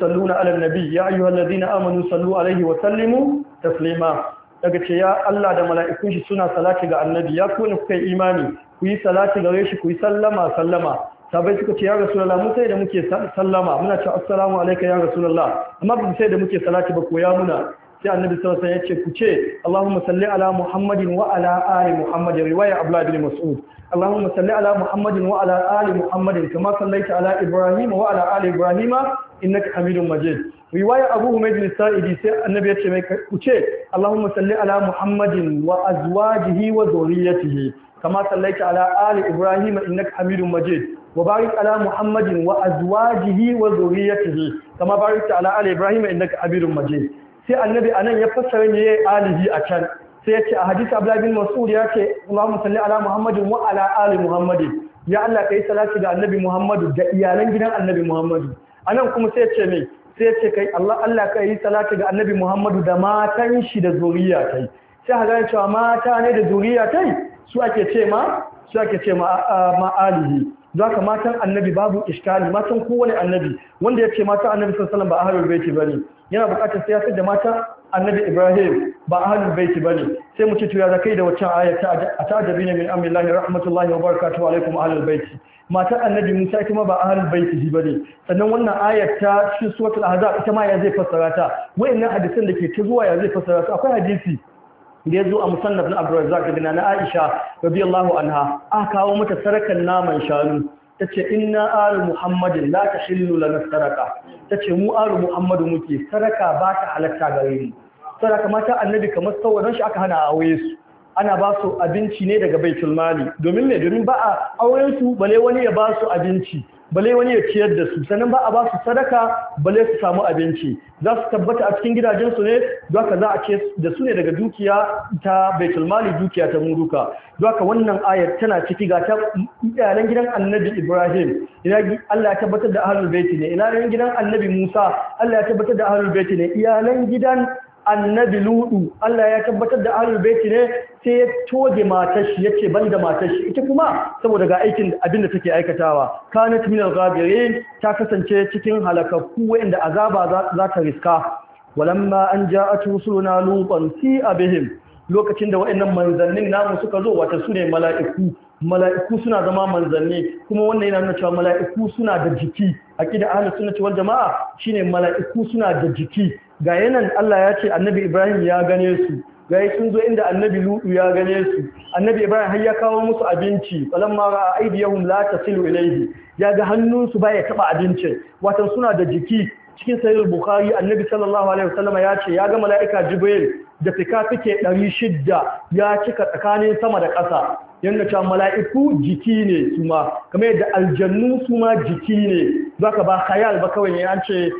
sallu na alal nabi ya ayyuhalladhina amanu sallu alaihi wa sallimu taslima daga ce ya Allah da mala'ikun shi suna salati ga annabi ya ku ne kuka yi imani ku yi salati gare shi ku yi sallama sallama sabai suka ce ya rasulullah mun sai da muke sallama muna ce assalamu alayka ya rasulullah amma ba sai da muke salati ba ko ya muna sai annabi sallallahu alaihi wasallam yace ce ku ce Allahumma salli ala Muhammadin wa ala ali Muhammad riwaya Abdullah bin Mas'ud Allahumma salli ala Muhammadin wa ala ali Muhammadin kama sallaita ala Ibrahim wa ala ali Ibrahim innaka Hamidum Majid riwaya Abu Humayd al-Sa'idi sai annabi yace mai ku ce Allahumma salli ala Muhammadin wa azwajihi wa dhurriyyatihi kama sallaita ala ali Ibrahim innaka Hamidum Majid وبارك على محمد وأزواجه وذريته كما باركت على آل إبراهيم إنك عبير مجيد sai annabi anan ya fassara ne yi alihi a can sai ya ce a hadisi Abdullah bin Mas'ud ya ce Allahumma salli ala Muhammadin wa ala ali Muhammadin ya Allah kai salati ga annabi Muhammadu da iyalan gidan annabi Muhammadu anan kuma sai ya ce me sai ya ce kai Allah Allah kai salati ga annabi Muhammadu da matan shi da zuriya kai sai haga cewa mata ne da zuriya kai su ake ce ma su ake ce ma ma'alihi za ka matan annabi babu iskali matan kowane annabi wanda ya ce matan annabi sallallahu ba a ahlul baiti bane yana bukatar sai ya da matan annabi ibrahim ba a ahlul baiti bane sai mu ce to ya zakai da waccan a ta'adabi ta'ajabina min amrillahi rahmatullahi wa barakatuhu alaikum ahlul baiti matan annabi musa ita ma ba ahlul baiti ne sannan wannan ayar ta cikin suratul ahzab ita ma ya zai fassara ta wayannan hadisan da ke ta zuwa ya zai fassara su akwai hadisi da ya zo a musannaf na da daga na aisha Allahu anha a kawo mata sarakan naman shanu ta ce inna alu muhammadin la ta lula na saraka ta ce mu alu muhammadu muke saraka ba ta halatta gare mu saraka mata annabi kamar sauran shi aka hana aure su ana ba su abinci ne daga baitul mali domin ne domin ba a auren su bale wani ya ba su abinci bale wani ya ciyar da su sannan ba a ba su sadaka bale su samu abinci za su tabbata a cikin gidajensu ne doka za a ce da su ne daga dukiya ta baitul mali dukiya ta muruka ka wannan ayar tana ciki ga ta iyalan gidan annabi ibrahim ina Allah ya tabbatar da ahlul baiti ne iyalan gidan annabi musa Allah ya tabbatar da ahlul baiti ne iyalan gidan annabi ludu Allah ya tabbatar da ahlul baiti ne sai ya toge matar shi yace banda matar shi ita kuma saboda ga aikin abin da take aikatawa kanat min al-ghabirin ta kasance cikin halakakku wanda azaba za ta riska walamma an ja'at rusuluna lutan si abihim lokacin da waɗannan manzannin namu suka zo wata sune ne mala'iku mala'iku suna zama manzanni kuma wannan yana nuna cewa mala'iku suna da jiki aqida ahlus sunnati wal jamaa shine mala'iku suna da jiki ga yanan Allah ya ce annabi Ibrahim ya gane su ga sun zo inda annabi Lutu ya gane su annabi Ibrahim har ya kawo musu abinci falamma ra'a aydiyahum la tasilu ilayhi ya ga ba ya taba abincin watan suna da jiki cikin sahih bukhari annabi sallallahu alaihi wasallam ya ce ya ga mala'ika jibril da fika ɗari 600 ya cika tsakanin sama da ƙasa yadda ta mala'iku jiki ne su ma kamar yadda aljannu su ma jiki ne za ka ba hayal ba kawai ne an ce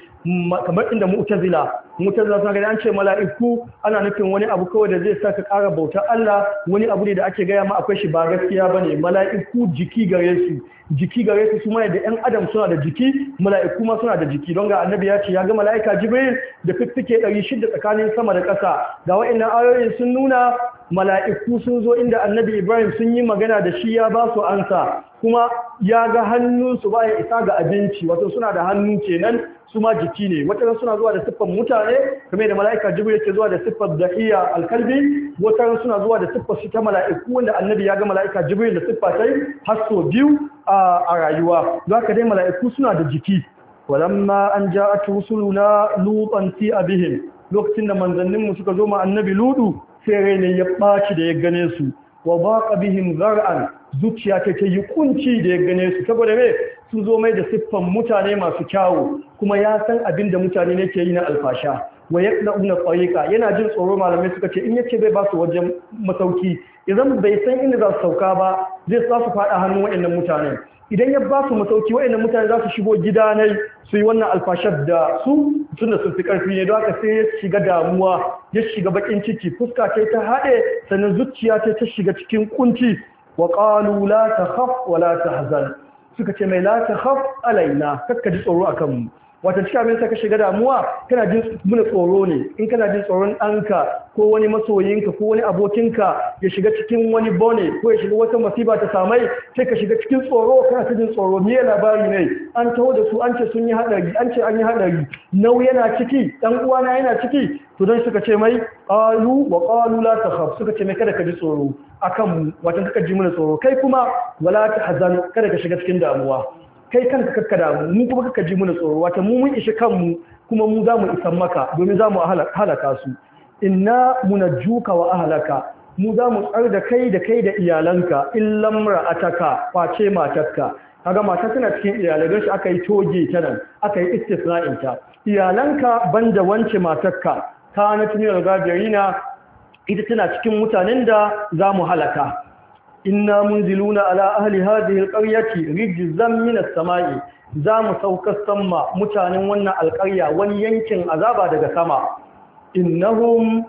kamar inda mu'tazila zila suna gani an ce mala'iku ana nufin wani abu kawai da zai sa ka ƙara bautar Allah wani abu ne da ake gaya ma akwai shi ba gaskiya ba ne. mala'iku jiki gare su jiki gare su su mai da yan adam suna da jiki mala'iku ma suna da jiki don ga annabi ya ce ya ga mala'ika jibril da fiffike 600 tsakanin sama da ƙasa ga wa'annan ayoyin sun nuna mala'iku sun zo inda annabi ibrahim sun yi magana da shi ya ba su ansa kuma ya ga hannunsu ba ya isa ga abinci wato suna da hannu kenan su ma jiki ne wataran suna zuwa da siffar mutane kamar da mala'ika jibril yake zuwa da siffar dahiya alkalbi wataran suna zuwa da siffar su ta mala'iku wanda annabi ya ga mala'ika jibril da siffa tai har so biyu a rayuwa don haka dai mala'iku suna da jiki walamma an ja'at rusuluna lutan fi abihim lokacin da manzanninmu suka zo ma annabi ludu sai rai ne ya ɓaci da ya gane su wa baqa bihim zar'an zuciya ta ta yi kunci da ya gane su saboda me su zo mai da siffan mutane masu kyawu kuma ya san abin da mutane ne ke yi na alfasha wa ya una tsayika yana jin tsoro malamai suka ce in ya ce bai ba su wajen masauki idan bai san inda za su sauka ba zai sa su faɗa hannu waɗannan mutane idan ya ba su masauki waɗannan mutane za su shigo gida ne su yi wannan alfashar da su tun da sun fi ƙarfi ne don haka sai ya shiga damuwa ya shiga bakin ciki fuska ce ta haɗe sannan zuciya ce ta shiga cikin kunci wa ƙalu la ta haf wa la ta hazan suka ce mai la ta haf alaina kakka ji tsoro akan mu wata cikin abin sa ka shiga damuwa kana jin muna tsoro ne in kana jin tsoron ɗanka ko wani masoyinka ko wani abokinka ya shiga cikin wani bone ko ya shiga wata masiba ta samai sai ka shiga cikin tsoro kana ta jin tsoro me labari ne an taho da su an ce sun yi haɗari an ce an yi haɗari nau yana ciki ɗan uwana yana ciki to don suka ce mai ƙalu wa ƙalu la takhaf suka ce mai kada ka ji tsoro akan wata kaka ji muna tsoro kai kuma wala ta hazan kada ka shiga cikin damuwa kai kanka kakka damu mu kuma kakka ji muna tsoro wata mu mun ishi kanmu kuma mu za mu isan maka domin za mu halaka su inna munajjuka wa ahlaka mu za mu tsar da kai da kai da iyalanka a taka face matarka kaga mata tana cikin iyalai don shi aka yi toge ta nan aka yi istisna'in ta iyalanka banda wance matarka ta na tuniyar gajiyarina ita tana cikin mutanen da za mu halaka inna munziluna ala ahli hadhihi alqaryati rijzan min as-sama'i za mu saukar sama mutanen wannan alƙarya wani yankin azaba daga sama innahum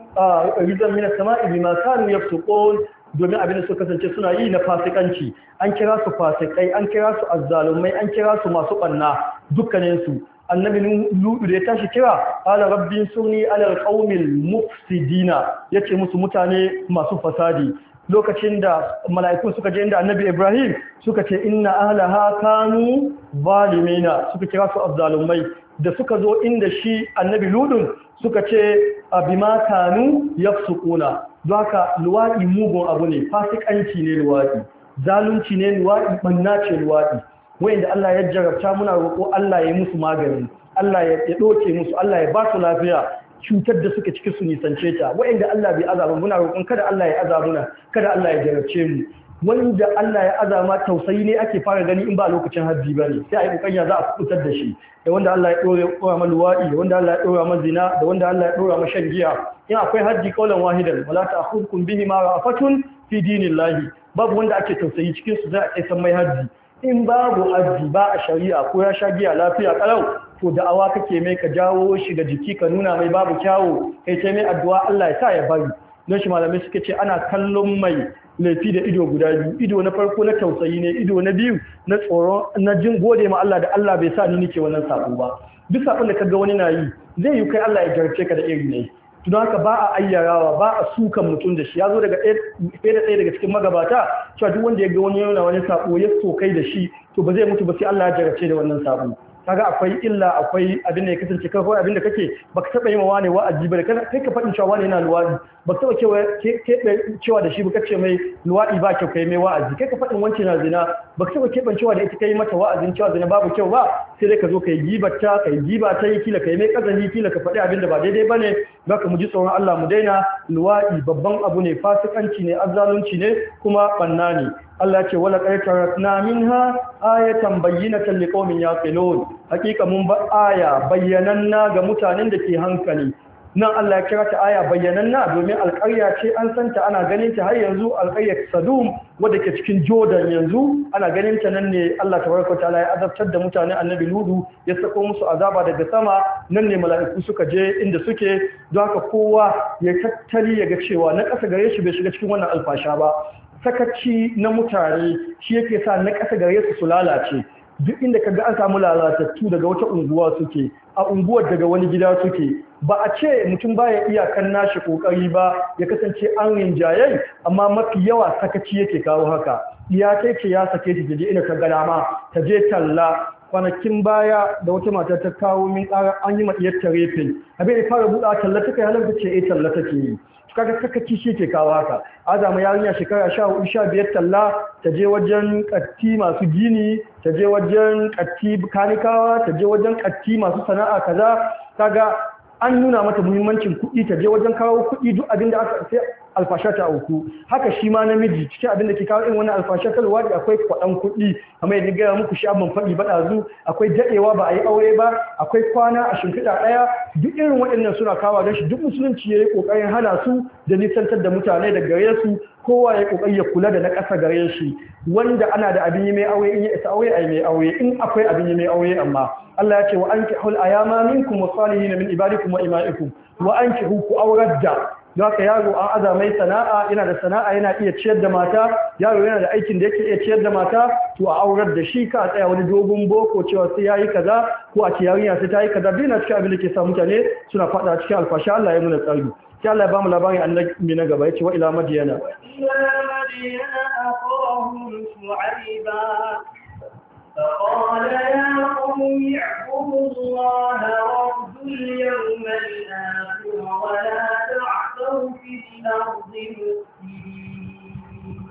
rijzan min as-sama'i bima kanu yafsuqun domin abin da suka kasance suna yi na fasikanci an kira su fasikai an kira su azzalumai an kira su masu banna dukkaninsu annabi Nuhu da ya tashi kira ala rabbin sunni ala alqaumil mufsidina yace musu mutane masu fasadi lokacin da mala'ikun suka je inda annabi Ibrahim suka ce inna ahlaha kanu zalimina suka kira su azzalumai da suka zo inda shi annabi Ludun suka ce bima kanu yafsukuna Za haka luwaɗi mugun abu ne fasikanci ne luwaɗi zalunci ne luwaɗi banna ce luwaɗi wayanda Allah ya jarabta muna roƙo Allah ya yi musu magani Allah ya ɗauke musu Allah ya ba su lafiya cutar da suka cikin su nisance ta wa'anda Allah bai azaba muna roƙon kada Allah ya azabuna kada Allah ya jarabce mu wanda Allah ya azama tausayi ne ake fara gani in ba lokacin hajji ba ne sai a yi kokanya za a kubutar da shi da wanda Allah ya ɗora ma luwaɗi da wanda Allah ya ɗora ma zina da wanda Allah ya ɗora ma shan giya in akwai hajji kaulan wahidan wala ta'khudhukum bihi ma rafatun fi dinillahi babu wanda ake tausayi cikin su za a kai san mai hajji in babu hajji ba a shari'a ko ya sha giya lafiya kalau to awa kake mai ka jawo shi ga jiki ka nuna mai babu kyawu kai sai mai addu'a Allah ya sa ya bari don shi malamai suka ce ana kallon mai laifi da ido guda biyu ido na farko na tausayi ne ido na biyu na tsoro na jin gode ma Allah da Allah bai sa ni nike wannan sako ba duk sakon da ga wani na yi zai yi kai Allah ya jarce ka da iri ne don haka ba a ayyarawa ba a sukan mutum da shi ya zo daga ɗaya da ɗaya daga cikin magabata cewa duk wanda ya ga wani yana wani sako ya so kai da shi to ba zai mutu ba sai Allah ya jarce da wannan sako kaga akwai illa akwai abin da ya kasance kai abin da kake baka taba yi wa wani wa'azi ba kai ka fadin cewa wani yana luwadi ba ka taɓa cewa da shi ba kace mai luwaɗi ba kyau kai mai wa'azi kai ka faɗin wancan na zina ba ka taɓa keɓan cewa da ita kai mata wa'azin cewa zina babu kyau ba sai dai ka zo ka yi gibata, ka yi giba kila kai mai ƙazali kila ka faɗi abin da ba daidai ba ne Ba ka mu ji tsoron Allah mu daina luwaɗi babban abu ne fasikanci ne azalunci ne kuma ɓanna ne Allah ce wala qaytara na minha ayatan bayyinatan liqawmin yaqilun hakika mun ba aya bayyananna ga mutanen da ke hankali nan Allah ya kira ta aya bayyananna domin alƙarya ce an santa ana ganin ta har yanzu alƙaryar Sadum wadda ke cikin Jordan yanzu ana ganin ta nan ne Allah tabaraka ta'ala ya azabtar da mutane Annabi Nuhu ya sako musu azaba daga sama nan ne mala'iku suka je inda suke don haka kowa ya tattali ya ga cewa na ƙasa gare shi bai shiga cikin wannan alfasha ba sakaci na mutane shi yake sa na ƙasa gare su su lalace duk inda kaga an samu lalatattu daga wata unguwa suke a unguwar daga wani gida suke ba a ce mutum baya iyakan nashi kokari ba ya kasance an rinjaye amma mafi yawa sakaci yake kawo haka ya kai ce ya sake ta da ina ka ga dama ta je talla kwanakin baya da wata mata ta kawo min ƙara an yi maɗiyar ta refin abin ya fara buɗa talla take halar ta ce eh talla take yi kaga sakaci shi ke kawo haka azama yarinya shekara sha hudu talla ta je wajen katti masu gini ta je wajen katti kanikawa ta je wajen katti masu sana'a kaza kaga an nuna mata muhimmancin kuɗi ta je wajen kawo kuɗi duk abin da aka sai alfasha ta auku haka shi ma namiji cikin abin da ke kawo in wani alfasha ta luwadi akwai kwaɗan kuɗi kamar yadda gaya muku shi abin faɗi ba ɗazu akwai daɗewa ba a yi aure ba akwai kwana a shimfiɗa ɗaya duk irin waɗannan suna kawo gashi duk musulunci ya yi ƙoƙarin hana su da nisantar da mutane da gare su kowa ya kokari ya kula da na ƙasa gare shi wanda ana da abin yi mai aure in ya isa aure ai mai aure in akwai abin yi mai aure amma Allah ya ce wa hul ayama minkum a min ibadikum wa ima'ikum wa ankihu ku aurar da haka yaro an aza sana'a yana da sana'a yana iya ciyar da mata yaro yana da aikin da yake iya ciyar da mata to a aurar da shi ka tsaya wani dogon boko cewa sai yayi kaza ko a ce yarinya sai ta yi kaza bina na cikin abin da ke sa mutane suna faɗa cikin alfashi Allah ya muna tsari sai Allah ya ba mu na gaba yace wa ila madiyana فقال يا قوم اعبدوا الله رب اليوم الآخر ولا تعثوا في الأرض مفسدين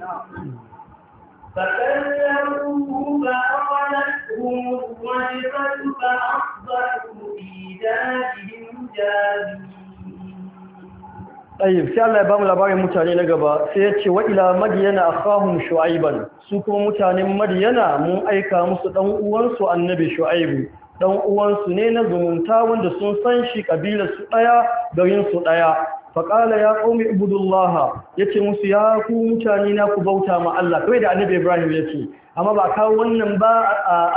فكلموه فأخذتهم الرجفة فأصبحوا في دارهم جاثمين ayyub sai Allah ya bamu labarin mutane na gaba sai ya ce wa ila madiyana akhahum shu'aiban su kuma mutanen madiyana mun aika musu dan uwansu annabi shu'aibu dan uwansu ne na zumunta wanda sun san shi kabilar su daya garin su faƙala ya ƙomi ibudullah ya ce musu ya ku mutane na ku bauta ma Allah kawai da annabi Ibrahim ya ce amma ba kawo wannan ba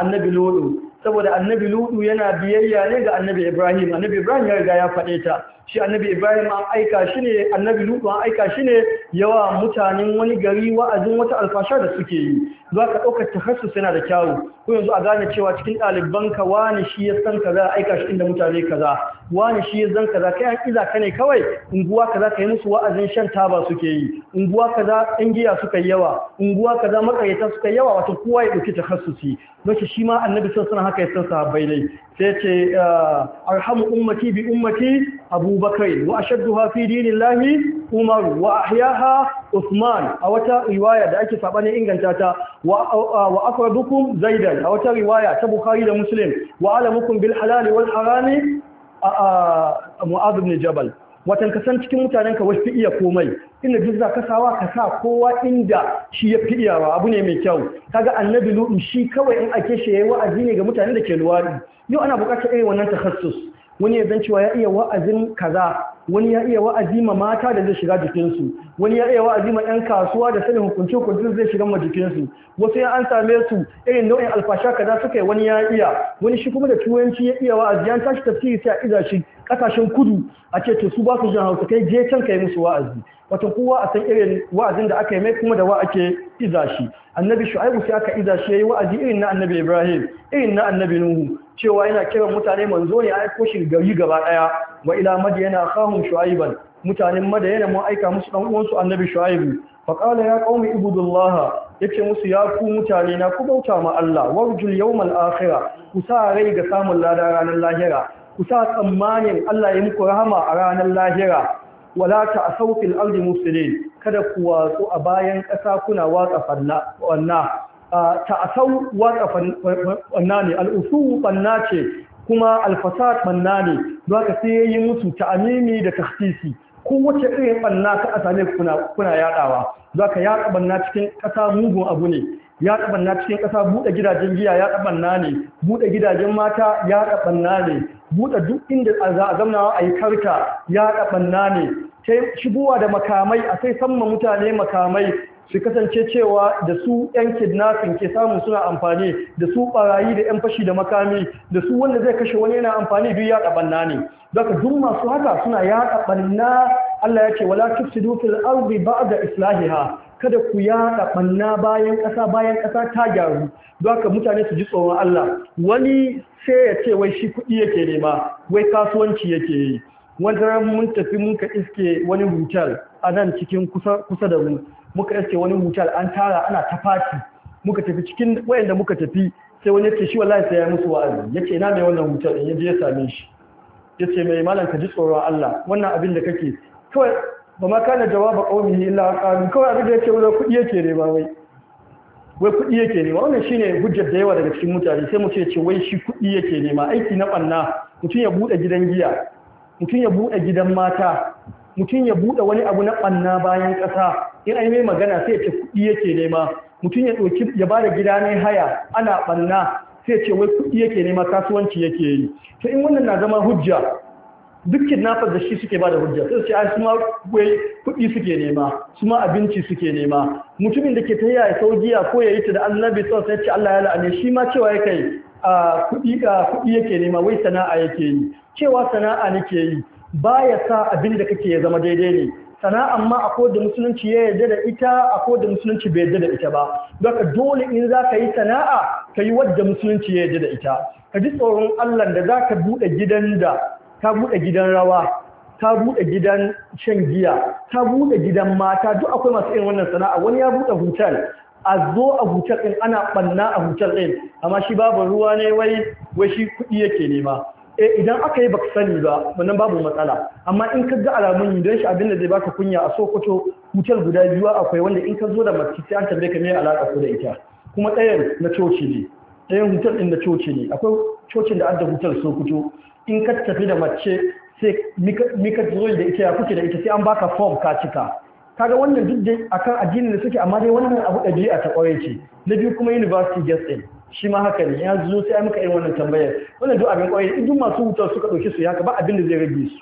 annabi Lodo saboda annabi ludu yana biyayya ne ga annabi ibrahim annabi ibrahim ya riga ya faɗe ta shi annabi ibrahim an aika shi ne annabi ludu an aika shi ne yawa mutanen wani gari wa'azin wata alfashar da suke yi zuwa ka ɗaukar takhasus yana da kyawu ko yanzu a gane cewa cikin ɗaliban ka wani shi ya san kaza a aika shi inda mutane kaza wani shi ya zan kaza kai an iza ka ne kawai unguwa kaza ka yi musu wa'azin shan taba suke yi unguwa kaza ɗan giya suka yawa unguwa kaza matsayata suka yawa wato kowa ya ɗauki takhasusi don shi ma annabi sun sana haka ya san sahabbai dai sai ce ah, arhamu ummati bi ummati abubakar wa hafi fi dinillahi umar wa ahyaha usman a wata riwaya da ake saɓanin inganta ta ah, wa aqrabukum zaidan a wata riwaya ta bukhari da muslim wa alamukum bil halali wal harami mu'adh jabal watan kasan cikin mutanen ka wasu iya komai inda duk zaka sawa ka sa kowa inda shi ya fi iyawa abu ne mai kyau kaga annabi lu'u shi kawai in ake shi yayi wa'azi ne ga mutanen da ke luwadi yau ana buƙatar irin wannan takhassus wani ya zan cewa ya iya wa'azin kaza wani ya iya wa'azi ma mata da zai shiga jikinsu wani ya iya wa'azi ma 'yan kasuwa da sanin hukunci hukunci zai shiga ma jikinsu wasu ya an same su irin nau'in alfasha kaza suka yi wani ya iya wani shi kuma da turanci ya iya wa'azi an tashi tafsiri sai a iza shi kasashen kudu a ce to su ba su jin hausa kai je can kai musu wa'azi wato kowa a san irin wa'azin da aka yi mai kuma da wa ake iza shi annabi shu'aibu sai aka iza shi yayi wa'azi irin na annabi ibrahim irin na annabi nuhu cewa yana kiran mutane manzo ne a aiko shi gari gaba daya wa ila madyana khahum shu'aiban mutanen madyana mun aika musu dan uwansu annabi shu'aibu fa qala ya qaumi ibudullah yace musu ya ku mutane na ku bauta ma Allah warjul yawmal akhirah ku sa rai ga samun lada ranar lahira ku sa tsammanin Allah ya muku rahama a ranar lahira wala ta'asaw fil ardi musulun kada ku watsu a bayan ƙasa kuna watsa fanna wanna ta'asaw watsa fanna ne al'usu fanna ce kuma alfasad fanna ne don ka sai yi musu ta'amimi da ko kowace irin fanna ka asali kuna kuna yadawa ka yaɗa banna cikin ƙasa mugun abu ne ya ɗabanna cikin ƙasa buɗe gidajen giya ya ɗabanna ne buɗe gidajen mata ya ɗabanna ne buɗe duk inda a zamna a yi karka ya ɗabanna ne shigowa da makamai a sai samma mutane makamai su kasance cewa da su 'yan kidnapping ke samun suna amfani da su barayi da 'yan fashi da makami da su wanda zai kashe wani yana amfani biyu ya ɗabanna ne zaka duk masu haka suna ya ɗabanna Allah ya ce wala tufsidu fil ardi ba'da islahiha kada ku yaɗa ɗaɓanna bayan ƙasa bayan ƙasa ta gyaru doka haka mutane su ji tsoron Allah wani sai ya ce wai shi kuɗi yake nema wai kasuwanci yake yi wata mun tafi mun ka iske wani hotel a nan cikin kusa da mu muka iske wani hotel an tara ana ta fati muka tafi cikin wayanda muka tafi sai wani yace shi wallahi sai ya musu wa'azi yace ina mai wannan hotel in yaje ya same shi yace mai malam ka ji tsoron Allah wannan abin da kake kawai ba ma kana jawaba qaumihi illa qalu kawai abin da yake wani kudi yake ne ba wai wai kudi yake ne wannan shine hujjar da yawa daga cikin mutane sai mu ce ce wai shi kudi yake ne ma aiki na banna mutum ya bude gidan giya mutum ya bude gidan mata mutum ya bude wani abu na banna bayan kasa in an mai magana sai ya ce kudi yake ne ma mutum ya doki ya da gida ne haya ana banna sai ce wai kudi yake ne ma kasuwanci yake yi to in wannan na zama hujja duk kidnappers da shi suke ba da hujja sai ce su ma wai kuɗi suke nema su ma abinci suke nema mutumin da ke ta yaya saudiya ko ya yi ta da annabi tsawon sai ce Allah ya la'ane shi ma cewa ya kai kuɗi kuɗi yake nema wai sana'a yake yi cewa sana'a nake yi ba ya sa abin da kake ya zama daidai ne Sana'a ma akwai da musulunci ya yarda da ita akwai da musulunci bai yarda da ita ba baka dole in za ka yi sana'a ka yi wadda musulunci ya yarda da ita ka ji tsoron Allah da za ka buɗe gidan da ta buɗe gidan rawa ta buɗe gidan shan giya ta buɗe gidan mata duk akwai masu irin wannan sana'a wani ya buɗe hotel a zo a hotel ɗin ana ɓanna a hotel ɗin amma shi babu ruwa ne wai wai shi kuɗi yake nema eh idan aka yi baka sani ba wannan babu matsala amma in ka ga alamun yi don shi abin zai baka kunya a sokoto hotel guda biyu akwai wanda in ka zo da mace sai an tambaye ka me alaƙa ko da ita kuma ɗayan na coci ne ɗayan hotel ɗin na coci ne akwai cocin da adda hotel sokoto in ka tafi da mace sai mika zuwa da ita ya kuke da ita sai an baka form ka cika kaga wannan duk da akan addinin da suke amma dai wannan abu ɗabi'a ta kwaye ce na biyu kuma university gets in shi ma haka ne ya zo sai ai maka irin wannan tambayar wannan duk abin kwaye duk masu wuta suka ɗauki su ya haka ba abin da zai rage su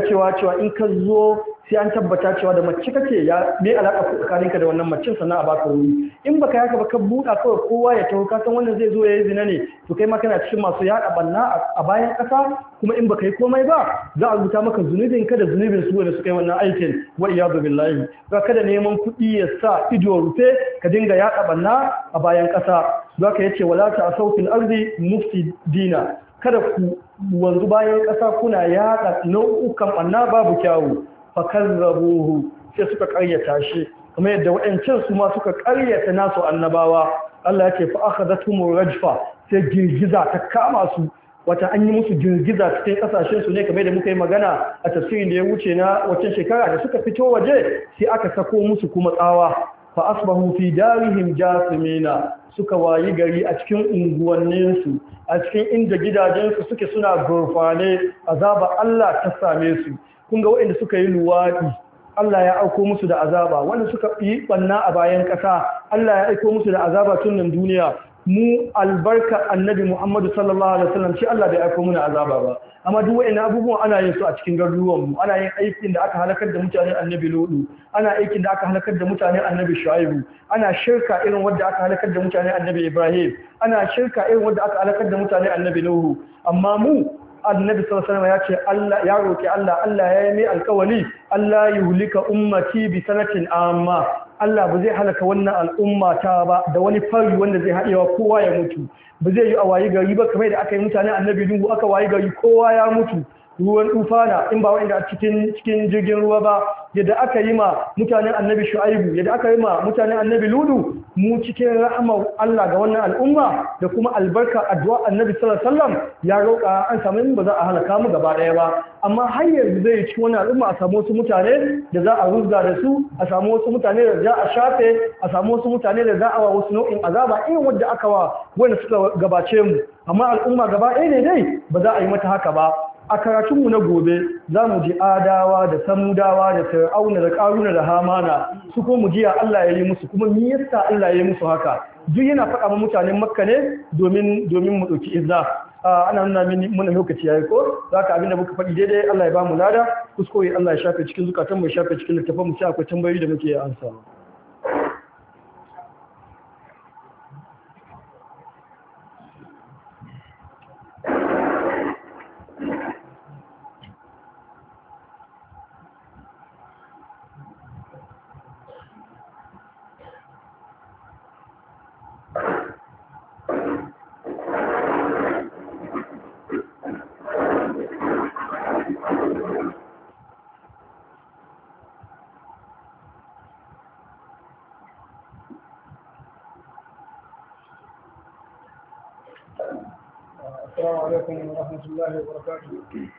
cewa cewa in ka zo sai an tabbata cewa da mace kake ya me alaka ku tsakaninka da wannan mace sannan a baka wuri in baka yaka ba ka buɗa kawai kowa ya taho ka san wannan zai zo ya yi zina ne to kai ma kana cikin masu yaɗa banna a bayan ƙasa kuma in baka yi komai ba za a rubuta maka zunubin ka da zunubin su da suka yi wannan aikin wa iyadu billahi za ka da neman kuɗi ya sa ido rufe ka dinga yaɗa banna a bayan ƙasa za ka yace wala ta asau arzi mufti dina kada ku wanzu bayan ƙasa kuna yaɗa nau'ukan ɓanna babu kyawu fakar rabuhu sai suka ƙaryata shi kuma yadda waɗancan su ma suka ƙaryata nasu annabawa Allah ya ce fa aka zata rajfa sai girgiza ta kama su wata an yi musu girgiza cikin ƙasashen su ne kamar da muka yi magana a tafsirin da ya wuce na wacce shekara da suka fito waje sai aka sako musu kuma tsawa fa asbahu fi darihim jasimina suka wayi gari a cikin unguwanninsu a cikin inda gidajensu suke suna gurfane azaba Allah ta same su kun ga waɗanda suka yi luwaɗi Allah ya auko musu da azaba wanda suka yi banna a bayan ƙasa Allah ya aiko musu da azaba tun nan duniya mu albarka annabi Muhammadu sallallahu alaihi wasallam shi Allah bai aiko muna azaba ba amma duk wayannan abubuwan ana yin su a cikin garuruwan mu ana yin aikin da aka halakar da mutanen annabi Lutu ana aikin da aka halakar da mutanen annabi Shu'aibu ana shirka irin wanda aka halakar da mutanen annabi Ibrahim ana shirka irin wanda aka halakar da mutanen annabi Nuhu amma mu annabi sallallahu alaihi wasallam ya ce Allah ya roki Allah Allah ya yi mai alƙawari Allah yuhlika ummati bi sanatin amma Allah ba zai halaka wannan al'umma ta ba da wani fari wanda zai haɗewa kowa ya mutu ba zai yi a wayi gari ba kamar da aka yi mutane annabi dungu aka wayi gari kowa ya mutu ruwan tufana in ba wanda a cikin jirgin ruwa ba yadda aka yi ma mutanen annabi shu'aibu yadda aka yi ma mutanen annabi ludu mu cikin rahama Allah ga wannan al'umma da kuma albarka addu'a annabi sallallahu alaihi ya roƙa an samu in ba za a halaka mu gaba daya ba amma har yanzu zai ci wannan al'umma a samu wasu mutane da za a ruzga da su a samu wasu mutane da za a shafe a samu wasu mutane da za a wa wasu nau'in azaba irin wanda aka wa wanda suka gabace mu amma al'umma gaba ɗaya ne dai ba za a yi mata haka ba a karatunmu na gobe za mu ji adawa da samudawa da fir'auna da karuna da hamana su ko mu jiya Allah ya yi musu kuma me yasa Allah ya yi musu haka duk yana faɗa ma mutanen makka ne domin domin mu ɗauki izza ana nuna mini muna lokaci yayi ko za ka abinda muka faɗi daidai Allah ya ba mu lada kuskure Allah ya shafe cikin zukatan mu ya shafe cikin littafin mu sai akwai tambayoyi da muke ansa. ورحمة الله وبركاته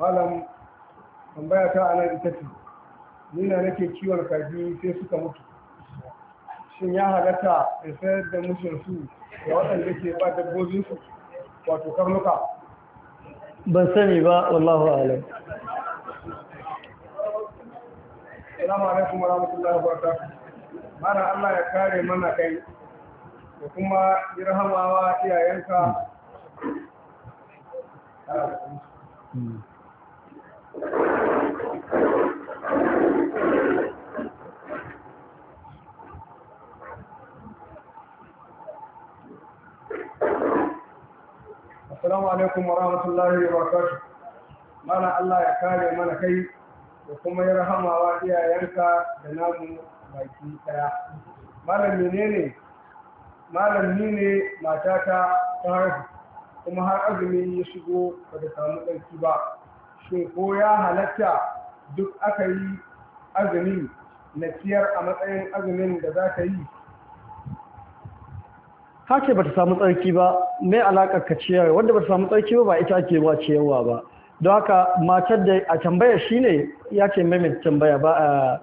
malam tambaya ta ana ita ce nuna nake ciwon kaji sai suka mutu shin ya halatta in sayar da mushin su da waɗanda ke ba dabbobin su wato karnuka ban sani ba wallahu alam Assalamu alaikum warahmatullahi wabarakatuh. Mana Allah ya kare mana kai da kuma yi iyayenka Assalamu alaikum wa rahmatullahi wa barakatuh. Mana Allah ya kare mana kai da kuma ya rahama wa iyayenka da namu baki daya. Mana menene malam ni ne matata ta haihu kuma har azumi ya shigo ba ta samu ɗauki ba shin ko ya halatta duk aka yi azumi na ciyar a matsayin azumin da za ta yi ka ce ba ta samu tsarki ba mai alakar ka ciyar wanda ba ta samu tsarki ba ba ita ke wa ciyarwa ba don haka matar da a tambaya shi ne ya ce mai mai eh,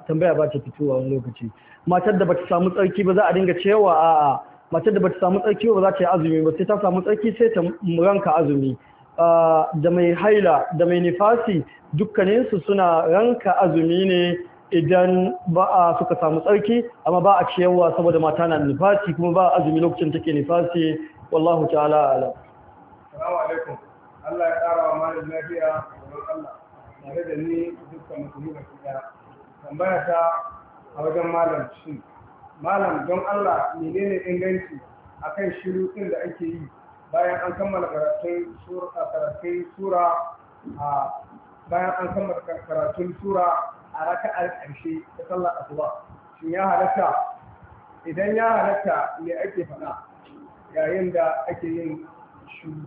tambaya ba ta fitowa wani lokaci matar da ba ta samu tsarki ba za a dinga ciyarwa A'a. a mace da bata samu tsarki ba za ta yi azumi ba sai ta samu tsarki sai ta ranka azumi ah, da mai haila da mai nifasi dukkaninsu suna ranka azumi ne idan ba a suka samu tsarki amma ba a ciyarwa saboda mata na nifasi kuma ba azumi lokacin take nifasi wallahu ta'ala ala Allah ya ƙara wa malin lafiya da Allah tare da ni dukkan mutum da kuma tambaya ta a wajen malam shi malam don Allah menene inganci akan shiru din da ake yi bayan an kammala karatun sura karatun sura a bayan an kammala karatun sura a raka'ar ƙarshe ta sallar asuba shin ya halatta idan ya halatta me ake faɗa yayin da ake yin shiru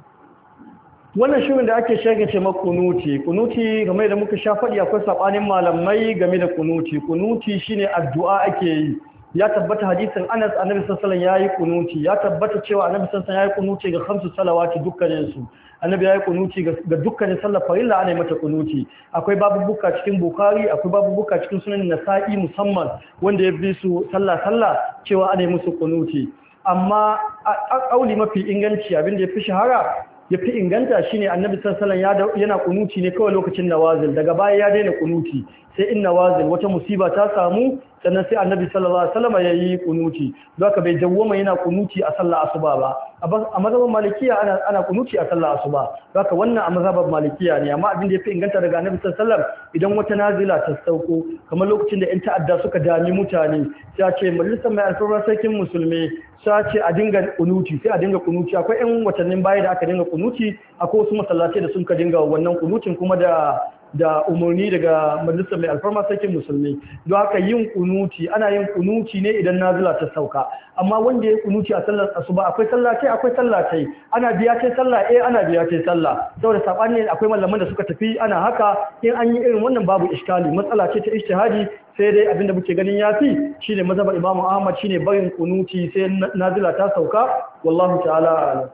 wannan shirin da ake shirin ce kunuti kunuti game da muka sha faɗi akwai saɓanin malamai game da kunuti kunuti shine addu'a ake yi ya tabbata hadisin Anas Annabi sallallahu alaihi wasallam yayi kunuti ya tabbata cewa Annabi sallallahu alaihi wasallam yayi kunuti ga khamsu salawati dukkanin su Annabi yayi kunuti ga dukkanin sallar farilla ana mata kunuti akwai babubuka cikin Bukhari akwai babubuka cikin Sunan Nasa'i musamman wanda ya bi su sallah sallah cewa ana musu kunuti amma a kauli mafi inganci abin da ya fi shahara ya fi inganta shi ne annabi sassalan yana kunuti ne kawai lokacin nawazil daga baya ya daina kunuti sai in nawazil wata musiba ta samu sannan sai annabi sallallahu alaihi wasallam ya yi kunuti ka bai dawwama yana kunuti a sallar asuba ba a mazhabin malikiya ana ana kunuti a sallar asuba zaka wannan a mazhabin malikiya ne amma abin da yafi inganta daga annabi sallallahu alaihi wasallam idan wata nazila ta sauko kamar lokacin da yan ta'adda suka dami mutane a ce majalisar mai alfarma sarkin musulmi ta ce a dinga kunuti sai a dinga kunuti akwai yan watannin baya da aka dinga kunuti akwai wasu masallatai da sun ka dinga wannan kunutin kuma da da umarni daga majalisar mai alfarma sarkin musulmi don haka yin kunuti ana yin kunuti ne idan nazila ta sauka amma wanda ya kunuti a sallar asuba akwai sallah akwai sallah ana biya ce sallah eh ana biya ce sallah saboda sabani akwai malaman da suka tafi ana haka in an yi irin wannan babu iskali matsala ce ta ijtihadi sai dai abinda muke ganin yafi shine mazhabar Imam Ahmad shine barin kunuti sai nazila ta sauka wallahi ta'ala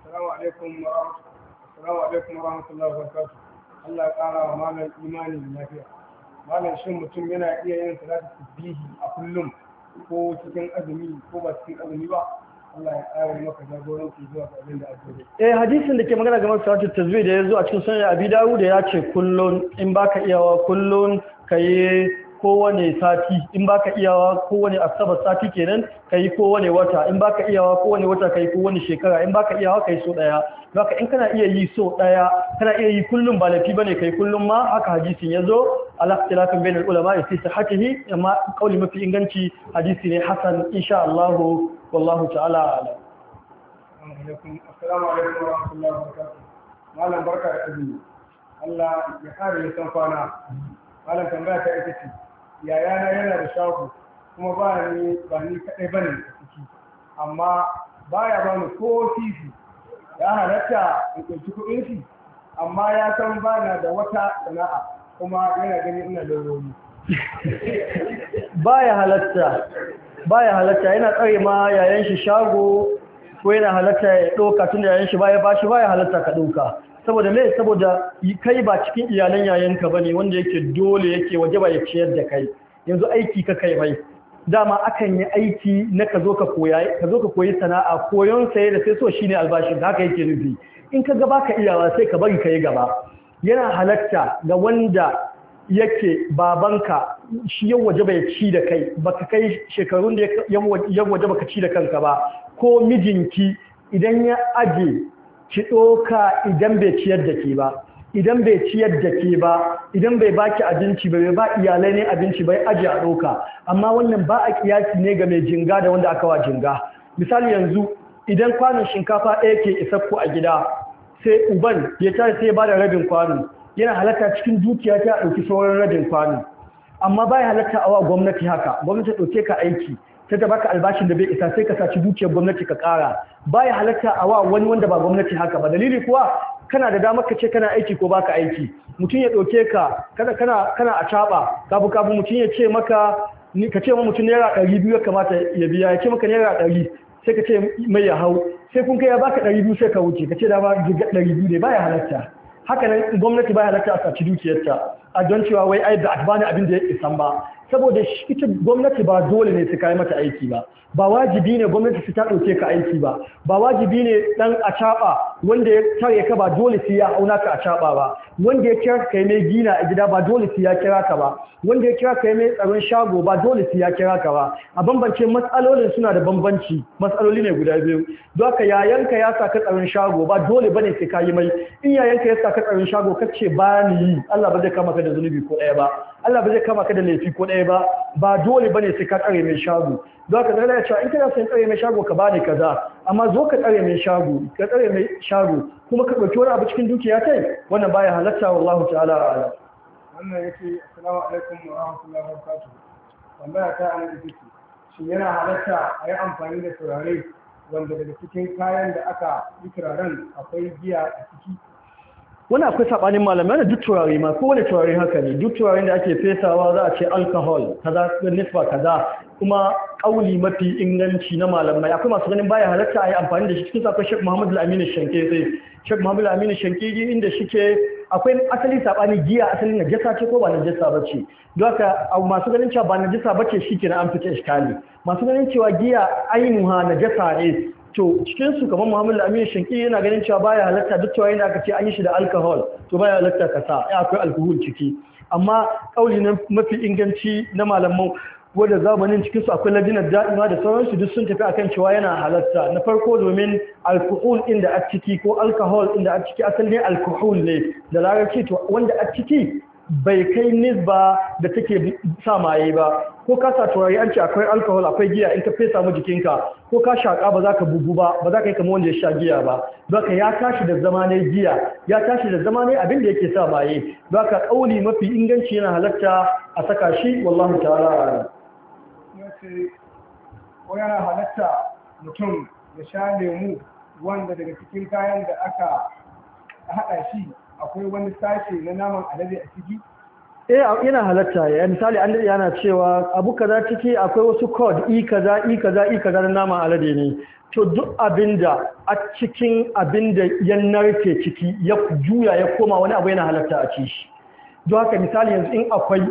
assalamu alaikum wa rahmatullahi wa barakatuh Allah ya ƙara wa malam imanin lafiya malam shin mutum yana iya yin salatu tasbihi a kullum ko cikin azumi ko ba cikin azumi ba Allah ya ƙara maka jagoranci zuwa ga abin da ake eh hadisin da ke magana game da salatu tasbihi da yazo a cikin sunan Abi Dawud da ya ce kullun in baka iyawa kullun kai kowane sati in baka iyawa kowane asabar sati kenan kai kowane wata in baka iyawa kowane wata kai kowane shekara in baka iyawa kai so daya baka in kana iya yi so daya kana iya yi kullum ba lafi bane kai kullum ma haka hadisin yazo ala ikhtilafin al ulama fi sihhatihi amma kauli mafi inganci hadisi ne hasan insha Allah wallahu ta'ala alam assalamu alaikum wa rahmatullahi wa barakatuh malam barka da azumi Allah ya kare san kwana malam tambaya ta ita ce yayana yana da shago kuma ba ni ba ni kaɗai ba ne a ciki amma baya ba mu ko kifi ya halatta in ɗauki kuɗin shi amma ya san ba na da wata sana'a kuma yana gani ina da wani baya halatta baya halatta yana tsare ma yayan shi shago ko yana halatta ya ɗauka tun da yayan shi baya ba shi baya halatta ka ɗauka saboda mai saboda kai ba cikin iyalan yayanka bane wanda yake dole yake waje ba ya ciyar da kai yanzu aiki ka kai mai dama akan yi aiki na ka zo ka koya ka zo ka koyi sana'a koyon saye da sai so shine albashin da haka yake nufi in ka gaba ka iyawa sai ka bari ka yi gaba yana halatta ga wanda yake babanka shi yan waje bai ci da kai baka kai shekarun da yan waje baka ci da kanka ba ko mijinki idan ya aje ki ɗoka idan bai ciyar da ke ba idan bai ciyar da ke ba idan bai baki abinci ba bai ba iyalai ne abinci bai aji a ɗoka amma wannan ba a kiyasi ne ga mai jinga da wanda aka wa jinga misali yanzu idan kwanon shinkafa ɗaya ke isa ku a gida sai uban ya tare sai ya ba da rabin kwano yana halatta cikin dukiya ta ɗauki sauran rabin kwano amma bai halatta awa gwamnati haka gwamnati ɗauke ka aiki sai ta baka albashin da bai isa sai ka saci dukiyar gwamnati ka kara baya halatta a wa wani wanda ba gwamnati haka ba dalili kuwa kana da damar ka ce kana aiki ko baka aiki mutum ya ɗauke ka kana kana kana a taba kafu kafu mutum ya ce maka ka ce ma mutum naira ɗari biyu ya kamata ya biya ya ce maka naira ɗari sai ka ce mai ya hau sai kun kai ya baka ɗari biyu sai ka wuce ka ce da ba ɗari biyu ne baya halatta haka nan gwamnati baya halatta a saci dukiyarta a don cewa wai ai da a abin da ya isan ba saboda ita gwamnati ba dole ne su kai mata aiki ba ba wajibi ne gwamnati su ta ɗauke ka aiki ba ba wajibi ne ɗan a caɓa wanda ya tare ka ba dole sai ya auna ka a caɓa ba wanda ya kira ka yi mai gina a gida ba dole su ya kira ka ba wanda ya kira ka yi mai tsaron shago ba dole su ya kira ka ba a bambance matsalolin suna da bambanci matsaloli ne guda biyu don ka yayanka ya ka tsaron shago ba dole bane sai ka yi mai in yayanka ya sa ka tsaron shago kace ba ni yi Allah ba zai kama ka da zunubi ko ɗaya ba Allah ba zai kama ka da laifi ko ɗaya ba ba dole bane sai ka tsare mai shago don ka zai cewa in kana son tsare mai shago ka bani kaza amma zo ka tsare mai shago ka tsare mai shago kuma ka ɗauki wani abu cikin dukiya kai wannan baya halatta wallahu ta'ala ala wannan yake assalamu alaikum wa rahmatullahi wa barakatuh tambaya ta ana da take shin yana halatta a yi amfani da turare wanda daga cikin kayan da aka yi turaren akwai giya a ciki wani akwai saɓanin malamai da duk turare ma ko wani turare haka ne duk turaren da ake fesawa za a ce alcohol kaza nisba kaza kuma kauli mafi inganci na malamai akwai masu ganin baya halatta a yi amfani da shi cikin akwai shek Muhammad al Shanke sai shek Muhammad al shanke Shanke inda shi ke akwai asali sabani giya asali na jasa ce ko ba ba ce don haka masu ganin cewa ba na jasa ba ce shi ke na fita iskali masu ganin cewa giya ainuha jasa ne to cikin su kamar Muhammad Al-Amin Shanki yana ganin cewa baya halatta duk cewa yana kace an yi shi da alcohol to baya halatta kasa ya akwai alcohol ciki amma kauli na mafi inganci na malaman wadda zamanin cikinsu akwai lajinar da'ima da sauransu duk sun tafi akan cewa yana halatta na farko domin alkohol inda a ciki ko alkohol inda a ciki asalin alkohol ne da larabci to wanda a ciki bai kai nisba da take sa maye ba ko ka sa turare an ce akwai alkohol akwai giya in ka fesa mu jikinka ko ka shaka ba za ka bugu ba ba za ka yi kamar wanda ya sha giya ba ka ya tashi da zama ne giya ya tashi da zama ne abin da yake sa maye ka kauli mafi inganci yana halatta a saka shi wallahu ta'ala ce ko yana halatta mutum ya sha lemu wanda daga cikin kayan da aka haɗa shi akwai wani sashe na naman alade a ciki eh yana halatta ya misali an dade yana cewa abu kaza ciki akwai wasu code i kaza i kaza i kaza na naman alade ne to duk abinda a cikin abinda ya narke ciki ya juya ya koma wani abu yana halatta a ciki don haka misali yanzu in akwai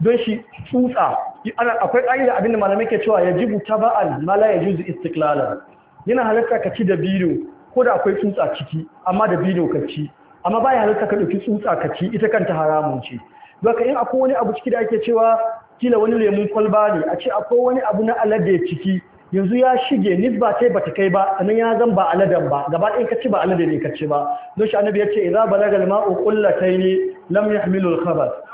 don shi tsutsa akwai ƙa'ida abinda malamai ke cewa "Ya ji ba al mala ya juzu istiklalar yana halitta ka ci da bidiyo ko da akwai tsuntsa ciki amma da bidiyo ka ci amma baya halitta ka ɗauki tsuntsa ka ci ita kanta haramun ce baka in akwai wani abu ciki da ake cewa kila wani lemun kwalba ne a ce akwai wani abu na alade ciki yanzu ya shige nisba ta bata kai ba sannan ya zan ba aladan ba gaba ɗaya ka ci ba alade ne ka ci ba don shi annabi ya ce idza balagal ma'u qullatayni lam yahmilu al-khabath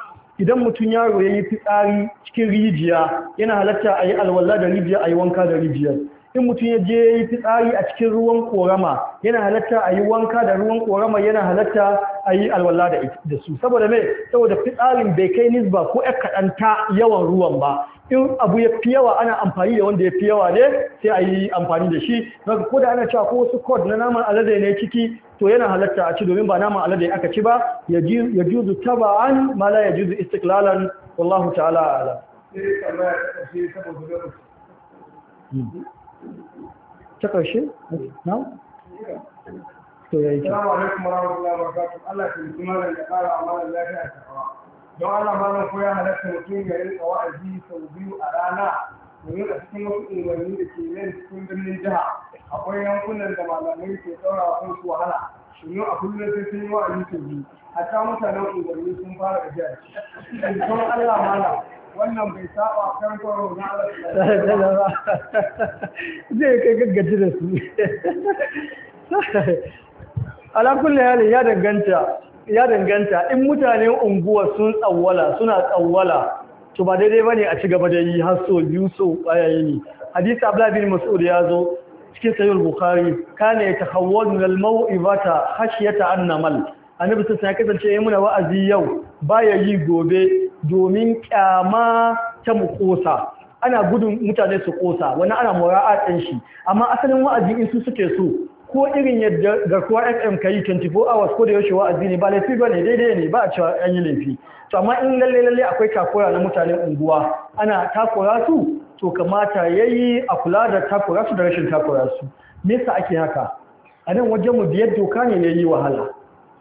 idan mutum yaro ya yi fitsari cikin rijiya yana halatta a yi alwala da rijiya a yi wanka da rijiyar in mutum ya je ya yi fitsari a cikin ruwan korama yana halatta a yi wanka da ruwan korama yana halatta a yi alwala da su saboda mai saboda fitsarin bai kai nisba ko ya kaɗan yawan ruwan ba in abu ya fi yawa ana amfani da wanda ya fi yawa ne sai a yi amfani da shi ko da ana cewa ko wasu kod na naman alade ne ciki to yana halatta a ci domin ba naman alade aka ci ba ya juzu taba'an ma la ya juzu istiklalan wallahu ta'ala ta ƙarshe? na? to ya yi ta Allah ya malam ya ƙara amalar lafiya ta kawa don Allah malam ko ya halatta mutum ya rinka wa'azi sau biyu a rana domin a cikin wasu unguwanni da ke nan cikin birnin jiha akwai yankunan da malamai ke ɗaura a kansu wahala domin a kullum sai sun yi wa'azi sau biyu hatta mutanen unguwanni sun fara gajiya. Don Allah malam wannan bai saba kan kwaro na Allah zai kai gaggaji da su ala kulli hali ya danganta ya danganta in mutanen unguwa sun tsawwala suna tsawwala to ba daidai bane a ci gaba da yi har so biyu so ayayi ne hadisi abdullahi bin mas'ud ya zo cikin sahih bukhari kana yatahawwadu al-maw'izata khashyata an namal annabi sai ya kasance ya muna wa'azi yau baya yi gobe domin kyama ta mu ana gudun mutane su kosa wani ana mura'a ɗin shi amma asalin wa'azi in su suke so ko irin yadda garkuwa fm ka yi 24 hours ko da yaushe wa'azi ne ba laifi ba ne daidai ne ba a cewa an yi laifi to amma in lalle lalle akwai takura na mutanen unguwa ana takura su to kamata yayi a kula da takura su da rashin takura su me yasa ake haka a nan wajen mu biyar doka ne yi wahala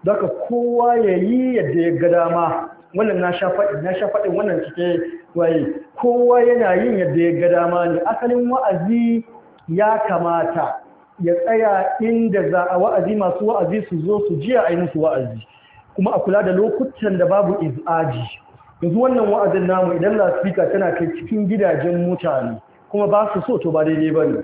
daga kowa ya yi yadda ya ga dama wannan na sha faɗi na sha faɗin wannan cike waye kowa yana yin yadda ya ga dama ne asalin wa'azi ya kamata ya tsaya inda za a wa'azi masu wa'azi su zo su jiya a yi musu wa'azi kuma a kula da lokutan da babu iz'aji yanzu wannan wa'azin namu idan lasfika tana kai cikin gidajen mutane kuma ba su so to ba daidai ba ne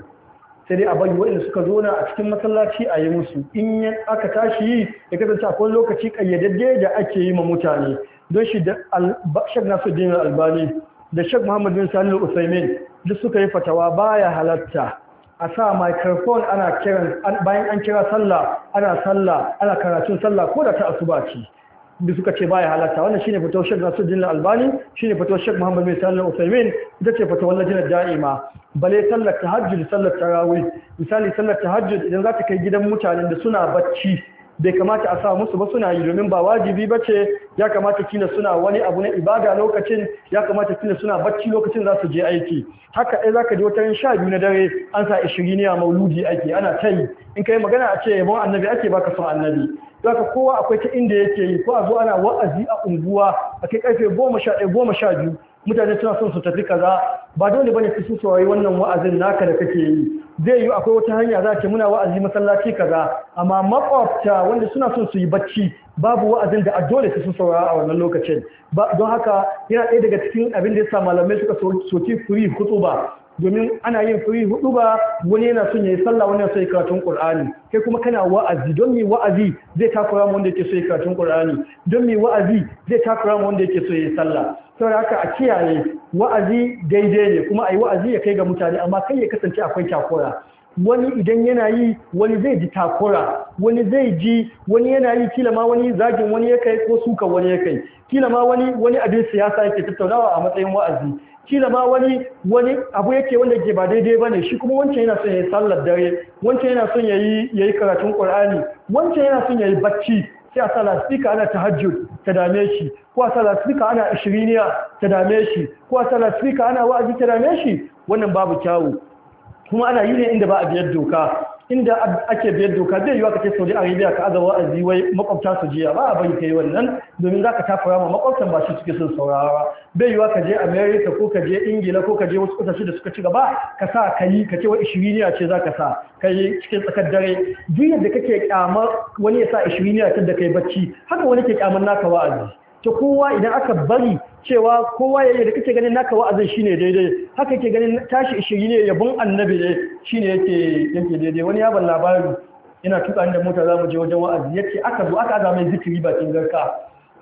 sai dai a bari waɗanda suka zona a cikin masallaci a yi musu in aka tashi yi ya kasance akwai lokaci ƙayyadadde da ake yi ma mutane don shi da nasu nasuddin albani da shak muhammad bin salih usaimin duk suka yi fatawa baya halatta a sa microphone ana kiran bayan an kira sallah ana sallah ana karatun sallah ko da ta asuba ce da suka ce baya halatta wannan shine fatawar Sheikh Nasruddin Al-Albani shine fatawar Sheikh Muhammad bin Salih Al-Uthaymeen ita ce fatawar lajina da'ima bale sallar tahajjud sallar tarawih misali sallar tahajjud idan za kai gidan mutanen da suna bacci bai kamata a sa musu ba suna yi domin ba wajibi ba ce ya kamata kina suna wani abu na ibada lokacin ya kamata kina suna bacci lokacin za su je aiki haka ɗaya zaka ji wata sha biyu na dare an sa ishiriniya mauludi ake ana ta yi in kai magana a ce yabon annabi ake baka son annabi zaka kowa akwai ta inda yake yi ko a zo ana wa'azi a unguwa a kai karfe goma sha ɗaya goma sha biyu mutane suna son su tafi kaza ba dole bane su saurari wannan wa'azin naka da kake yi zai yi akwai wata hanya za ce muna wa'azi masallaci kaza amma makwabta wanda suna son su yi bacci babu wa'azin da a dole su saurara a wannan lokacin don haka yana ɗaya daga cikin abin da ya sa malamai suka soki kutsu ba domin ana yin firi hudu ba wani yana son yi sallah wani yana son karatun Qur'ani kai kuma kana wa'azi don me wa'azi zai takura mu wanda yake so yi karatun Qur'ani don me wa'azi zai takura mu wanda yake so yi sallah saboda haka a kiyaye wa'azi daidai ne kuma a yi wa'azi ya kai ga mutane amma kai ya kasance akwai takura wani idan yana yi wani zai ji takura wani zai ji wani yana yi kila ma wani zagin wani ya kai ko suka wani ya kai kila ma wani wani abin siyasa yake tattaunawa a matsayin wa'azi kila ma wani wani abu yake wanda ke ba daidai bane shi kuma wancan yana son yi sallar dare wancan yana son ya yi karatun Qur'ani wancan yana son yi bacci sai a sala sika ana tahajjud ta dame shi ko a sala sika ana ishiriniya ta dame shi ko a sala sika ana wa'azi ta dame shi wannan babu kyawu kuma ana yi ne inda ba a biyar doka inda ake biyar doka zai yiwa kake sauri saudi arabia ka aza wa'azi wai makwabta su jiya ba a bari ka yi wannan domin za ka tafara ma makwabtan ba shi suke son saurara bai yiwa ka je america ko ka je ingila ko ka je wasu kasashe da suka ci gaba ka sa ka yi ka ce wa ishiriniya ce za ka sa ka yi cikin tsakar dare duk yadda kake kyamar wani ya sa ishiriniya ta da kai bacci haka wani ke kyamar naka wa'azi ta kowa idan aka bari cewa kowa yayi da kake ganin naka wa'azin shine daidai haka ke ganin tashi shiri ne yabon annabi ne shine yake yake daidai wani ya ban labari ina tuka inda mota za mu je wajen wa'azi yake aka zo aka azama zikiri bakin garka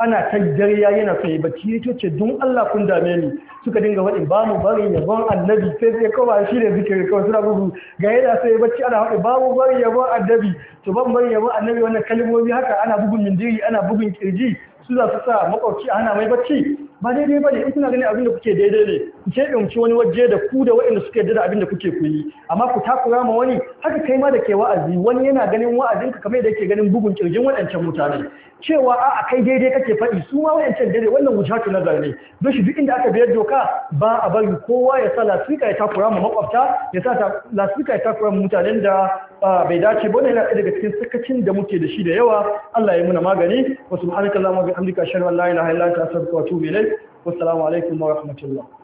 ana ta dariya yana sai bacci ya ce don Allah kun dame ni suka dinga wadin ba mu bari yabon annabi sai sai kawai shi ne zikiri kawai suna bugu ga yana sai bacci ana haɗe ba mu bari yabon annabi to ban bari yabon annabi wannan kalmomi haka ana bugun mindiri ana bugun kirji su za su sa makwabci a hana mai bacci ba daidai ba ne in kuna ganin abin da kuke daidai ne ku ce ci wani waje da ku da waɗanda suke da abin da kuke yi amma ku takura ma wani haka kai ma da ke wa'azi wani yana ganin wa'azinka kamar da yake ganin bugun kirjin waɗancan mutane cewa a kai daidai kake faɗi su ma wayancan daidai wannan wujatu nazari ne don shi duk inda aka biyar doka ba a bari kowa ya sa lasfika ya takura ma makwabta ya sa lasfika ya takura ma mutanen da bai dace ba wannan yana daga cikin sakacin da muke da shi da yawa Allah ya muna magani wa subhanakallahumma wa bihamdika ashhadu an la ilaha illa anta astaghfiruka wa atubu ilaik wassalamu alaikum wa rahmatullah